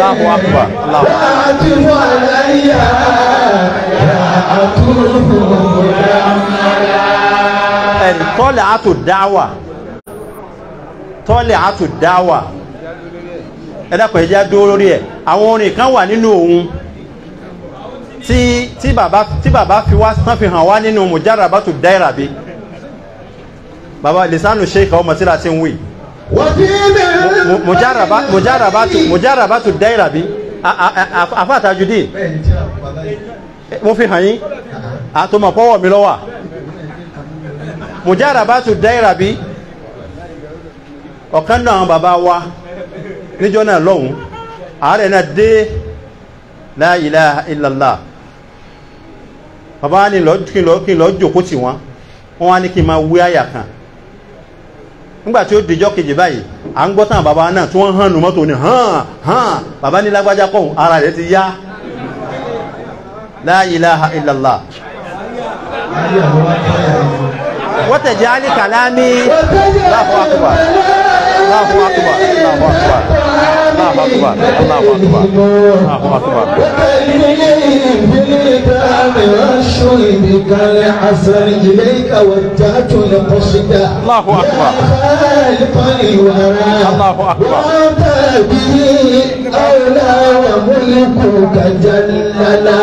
wá wá dáwà tọ́lẹ̀ àtò dáwà ẹ dákun ẹ jẹ́ dúró lórí ẹ̀ àwọn orin kan wà nínú òun tí tí bàbá tí bàbá fi wá tán fi hàn wá nínú mùjára bá tó dáìrà bí bàbá lisanu sheikh ọmọ tíra ti ń wí mùjára bá tó dáìrà bí àfa àtàjùdí mo fi hàn yín àtọmọ̀ mi lọ́wà mùjára bá tó dáìrà bí ọ̀kan náà àwọn bàbá wa níjọ́ náà lọ́hùn ààrẹ náà dé la ilaha illallah bàbá wa ní kí n lọ jòkó tì wọ́n wọ́n wá ní kí n máa wí àyà kan nígbà tí ó dijọ́ kejì báyìí à ń gbọ́ tán bàbá náà tí wọ́n hàn nù mọ́tò ni hàn hàn bàbá ní lágbájá kọ́ ara rẹ̀ ti yá la ilaha illallah. wọ́tẹ̀jẹ́ alíkàlá ní láfọwọ́kùbà. Allahu akbar Allahu akbar Allahu akbar Allahu akbar Allahu akbar. الله أكبر الله أكبر وملكك جللا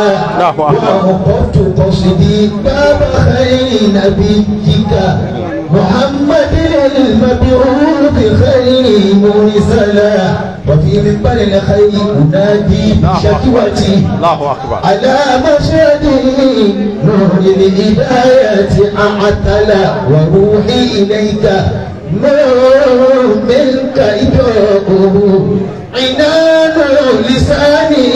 ووقفت قصدي باب خير نبيك محمد المبعوث خير مرسلا وفي منبر الخير انادي نعم. بشكوتي الله اكبر على مشهد نور الهدايه اعتلى وروحي اليك نور منك اضاءه عنان لساني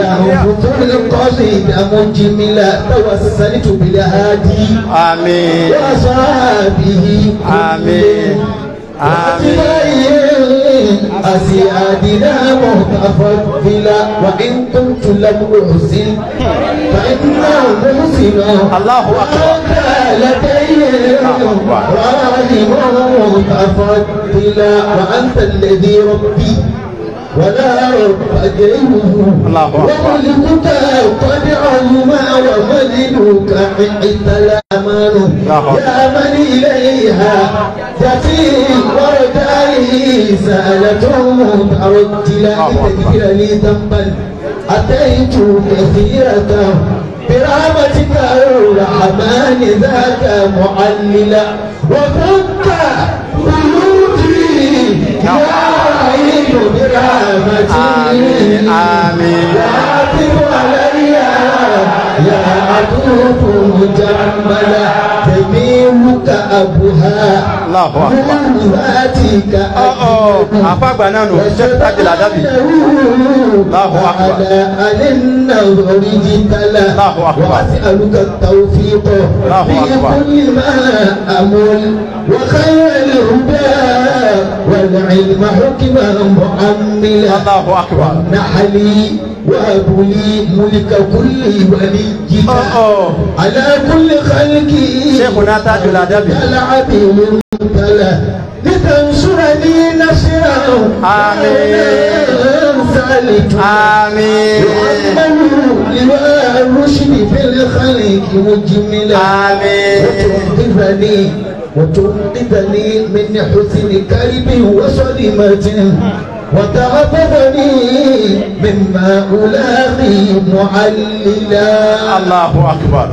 يا رب بقصيد مجملا توسلت بالهادي آمين وأصحابه آمين آمين أسيادنا متفضلا وإن كنت لم أحسن فإنا محسن الله أكبر لدي رالي متفضلا وأنت الذي ربي ولا غيره وملك قد علم وملك عند الأمان يا من إليها تفيه وردائه سألته تردل تذكر لي ذنبا أتيت كثيرة برحمتك الرحمن ذاك معللا وكنت قلوبي يا أعين برحمتك آمين آمين يا عاتب علي يا عدو مجملا تميمك أبوها الله أكبر ذاتك أفاق نانو شيخ تاج الأدبي الله أكبر على النور جدلا الله أكبر وأسألك التوفيق الله أكبر في كل ما أمل وخير الهدى والعلم حكما مؤملا الله أكبر نحلي وابلي ملك كل ولي على كل خلقي شيخنا تاج الأدب العبيد من تلا لتنصرني نصرا آمين آمين وأمن لواء الرشد في الخلق مجملا آمين وتوقفني وتنقذني من حسن كلبي وصدمته وتعبدني مما ألاقي معللا الله أكبر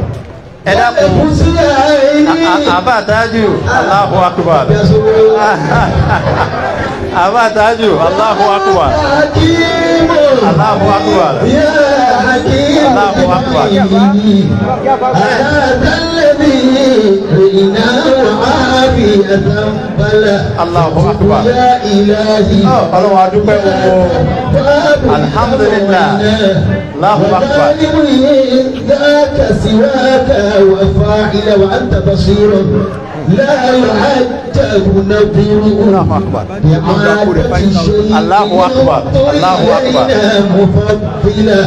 àbá àtájù Allahu Akbar àbá àtájù Allahu Akbar Allahu Akbar Allahu Akbar. به رينا وعافي أثنبلا الله أكبر يا إلهي الله أكبر الحمد لله الله أكبر ذاك سواك وفاعل وأنت بصير Allahu akbar Allahu akbar Allahu akbar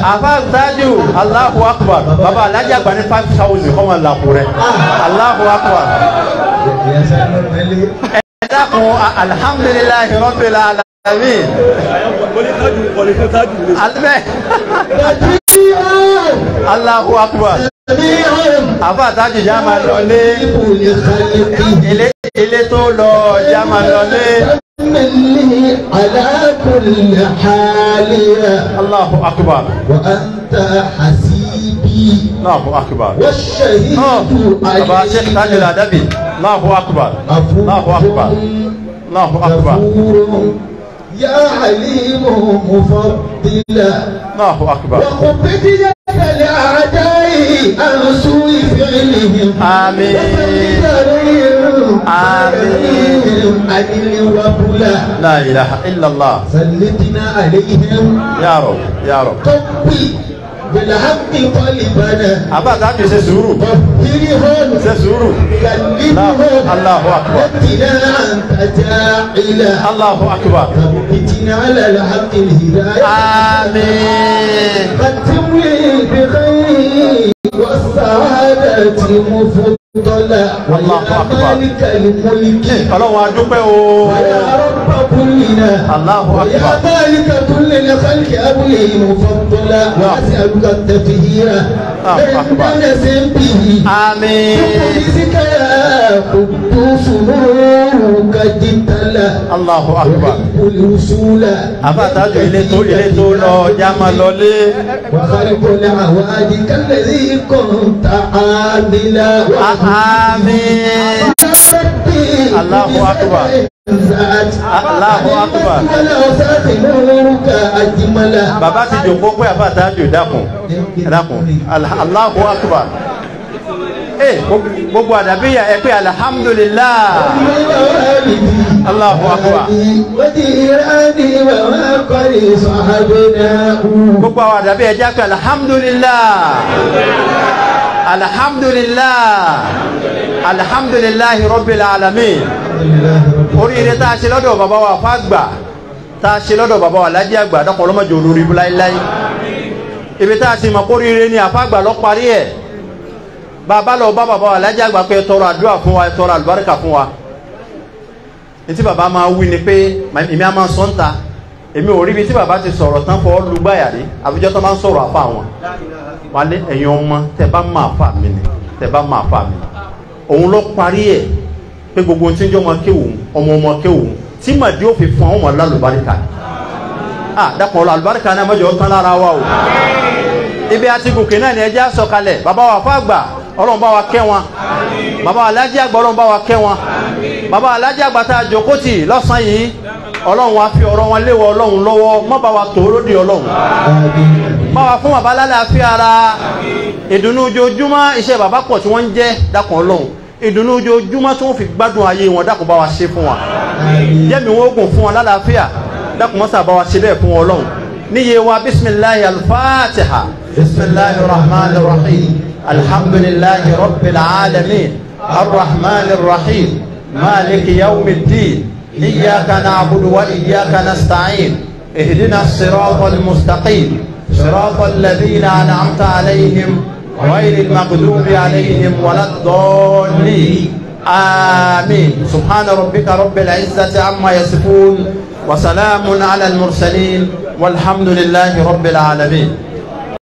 afa sadiu Allahu akbar baba alaji agba ni five thousand kọ́mọ làkúrẹ́ Allahu akbar. ẹ dákun alhamdulilayi rabbil alamin. Amin. Alibẹ. Allahu akbar. Àfa àtàjù já máa lọ lé. Ilé tó lọ já máa lọ lé. Allahu akbar. Wa anta Bàbá Sheikh Tajul Adabi. Allahu akbar. Allahu akbar. Allahu akbar. يا عليم مفضلا الله أكبر وقبت بديك لاعدائي الرسول سوء فعلهم آمين آمين وبلا لا إله إلا الله سلتنا عليهم يا رب يا رب بالحق طالبنا أبا كلمهم الله أكبر نبتنا الله على الحق الهداية ọlọ́run adúpẹ́ o. aláhu akbar. àmín. Allahu akbar. àbá àtàjù ilé tó ilé tó lọ ọjà máa lọlé. wàhálùkọ́lá àwọn àdìkálẹ̀ sí kọ́ńtà àmìlà. àmín. Allahu akbar. Allahu akbar. Bàbá ti jòkó pé àbá àtàjù dákun dákun Allahu akbar gbogbo àdàbíyà ẹ pé alhamdulillah Allahu akbar. gbogbo àwọn àdàbíyà ẹ jẹ́ pé alhamdulillah alhamdulillah alhamdulillah rabbil alamin oríire tá a ṣe lọ́dọ̀ bàbá wa fàgbà tá a ṣe lọ́dọ̀ bàbá wa lájẹ́ àgbà dọ́kọ̀ ọlọ́mọdé olórí ibú láíláí ibi tá a ṣe mọ̀ kóríire ni àfàgbà lọ́parí ẹ̀ bàbá lọ bá bàbá wa lájà àgbà pé tọrọ àdúrà fún wa tọrọ àlùbáríkà fún wa ní tí bàbá máa wí ni pé èmi á máa sọ ń ta èmi ò rí ibi tí bàbá ti sọ̀rọ̀ tán fọ́ lùgbàyà rí àfijọ́ tán máa ń sọ̀rọ̀ àfa wọn wà ní ẹ̀yin ọmọ tẹ bá máa fà mí ni tẹ bá máa fà mí òun lọ parí ẹ̀ pé gbogbo ohun tí ń jẹ́ ọmọ kéwòn ọmọ ọmọ kéwòn tí màdí ò fi fún àwọn ọmọ lálùbáríkà ah dàpọ̀ ọ̀la náà mọ̀jọ̀ tán lára wa o ibi àti gòkè náà ni ẹjẹ́ sọ̀kalẹ̀ bàbá wa fàgbà ọlọ́run bá wa kẹ́ wọn bàbá alájí àgbà ọlọ́run bá wa kẹ́ wọn bàbá alájí àgbà tá a jókòó tì lọ́sàn-án yìí ọlọ́run wa fi ọ̀rọ̀ wọn léwọ ọlọ́run lọ́wọ́ má bá wa tó lóde ọlọ́run bá wa fún bàbá lálàáfíà ara ìdùnnú ojoojúmọ́ iṣẹ́ bàbá pọ̀ tí wọ́n ń jẹ́ dákun ọlọ́run ìdùnnú ojoojúmọ́ tí wọ́n fi gbádùn ayé wọn dákun bá wa ṣe fún wa jẹ́mi wọn oògùn fún wọn lálàáfíà dákun mọ́sà bá wa ṣe bẹ́ẹ̀ fún wọn ọlọ́run níye wa bisimilahi alfatiha bisimilahi rahman rahim. الحمد لله رب العالمين الرحمن الرحيم مالك يوم الدين إياك نعبد وإياك نستعين اهدنا الصراط المستقيم صراط الذين أنعمت عليهم غير المغلوب عليهم ولا الضالين آمين سبحان ربك رب العزة عما يصفون وسلام على المرسلين والحمد لله رب العالمين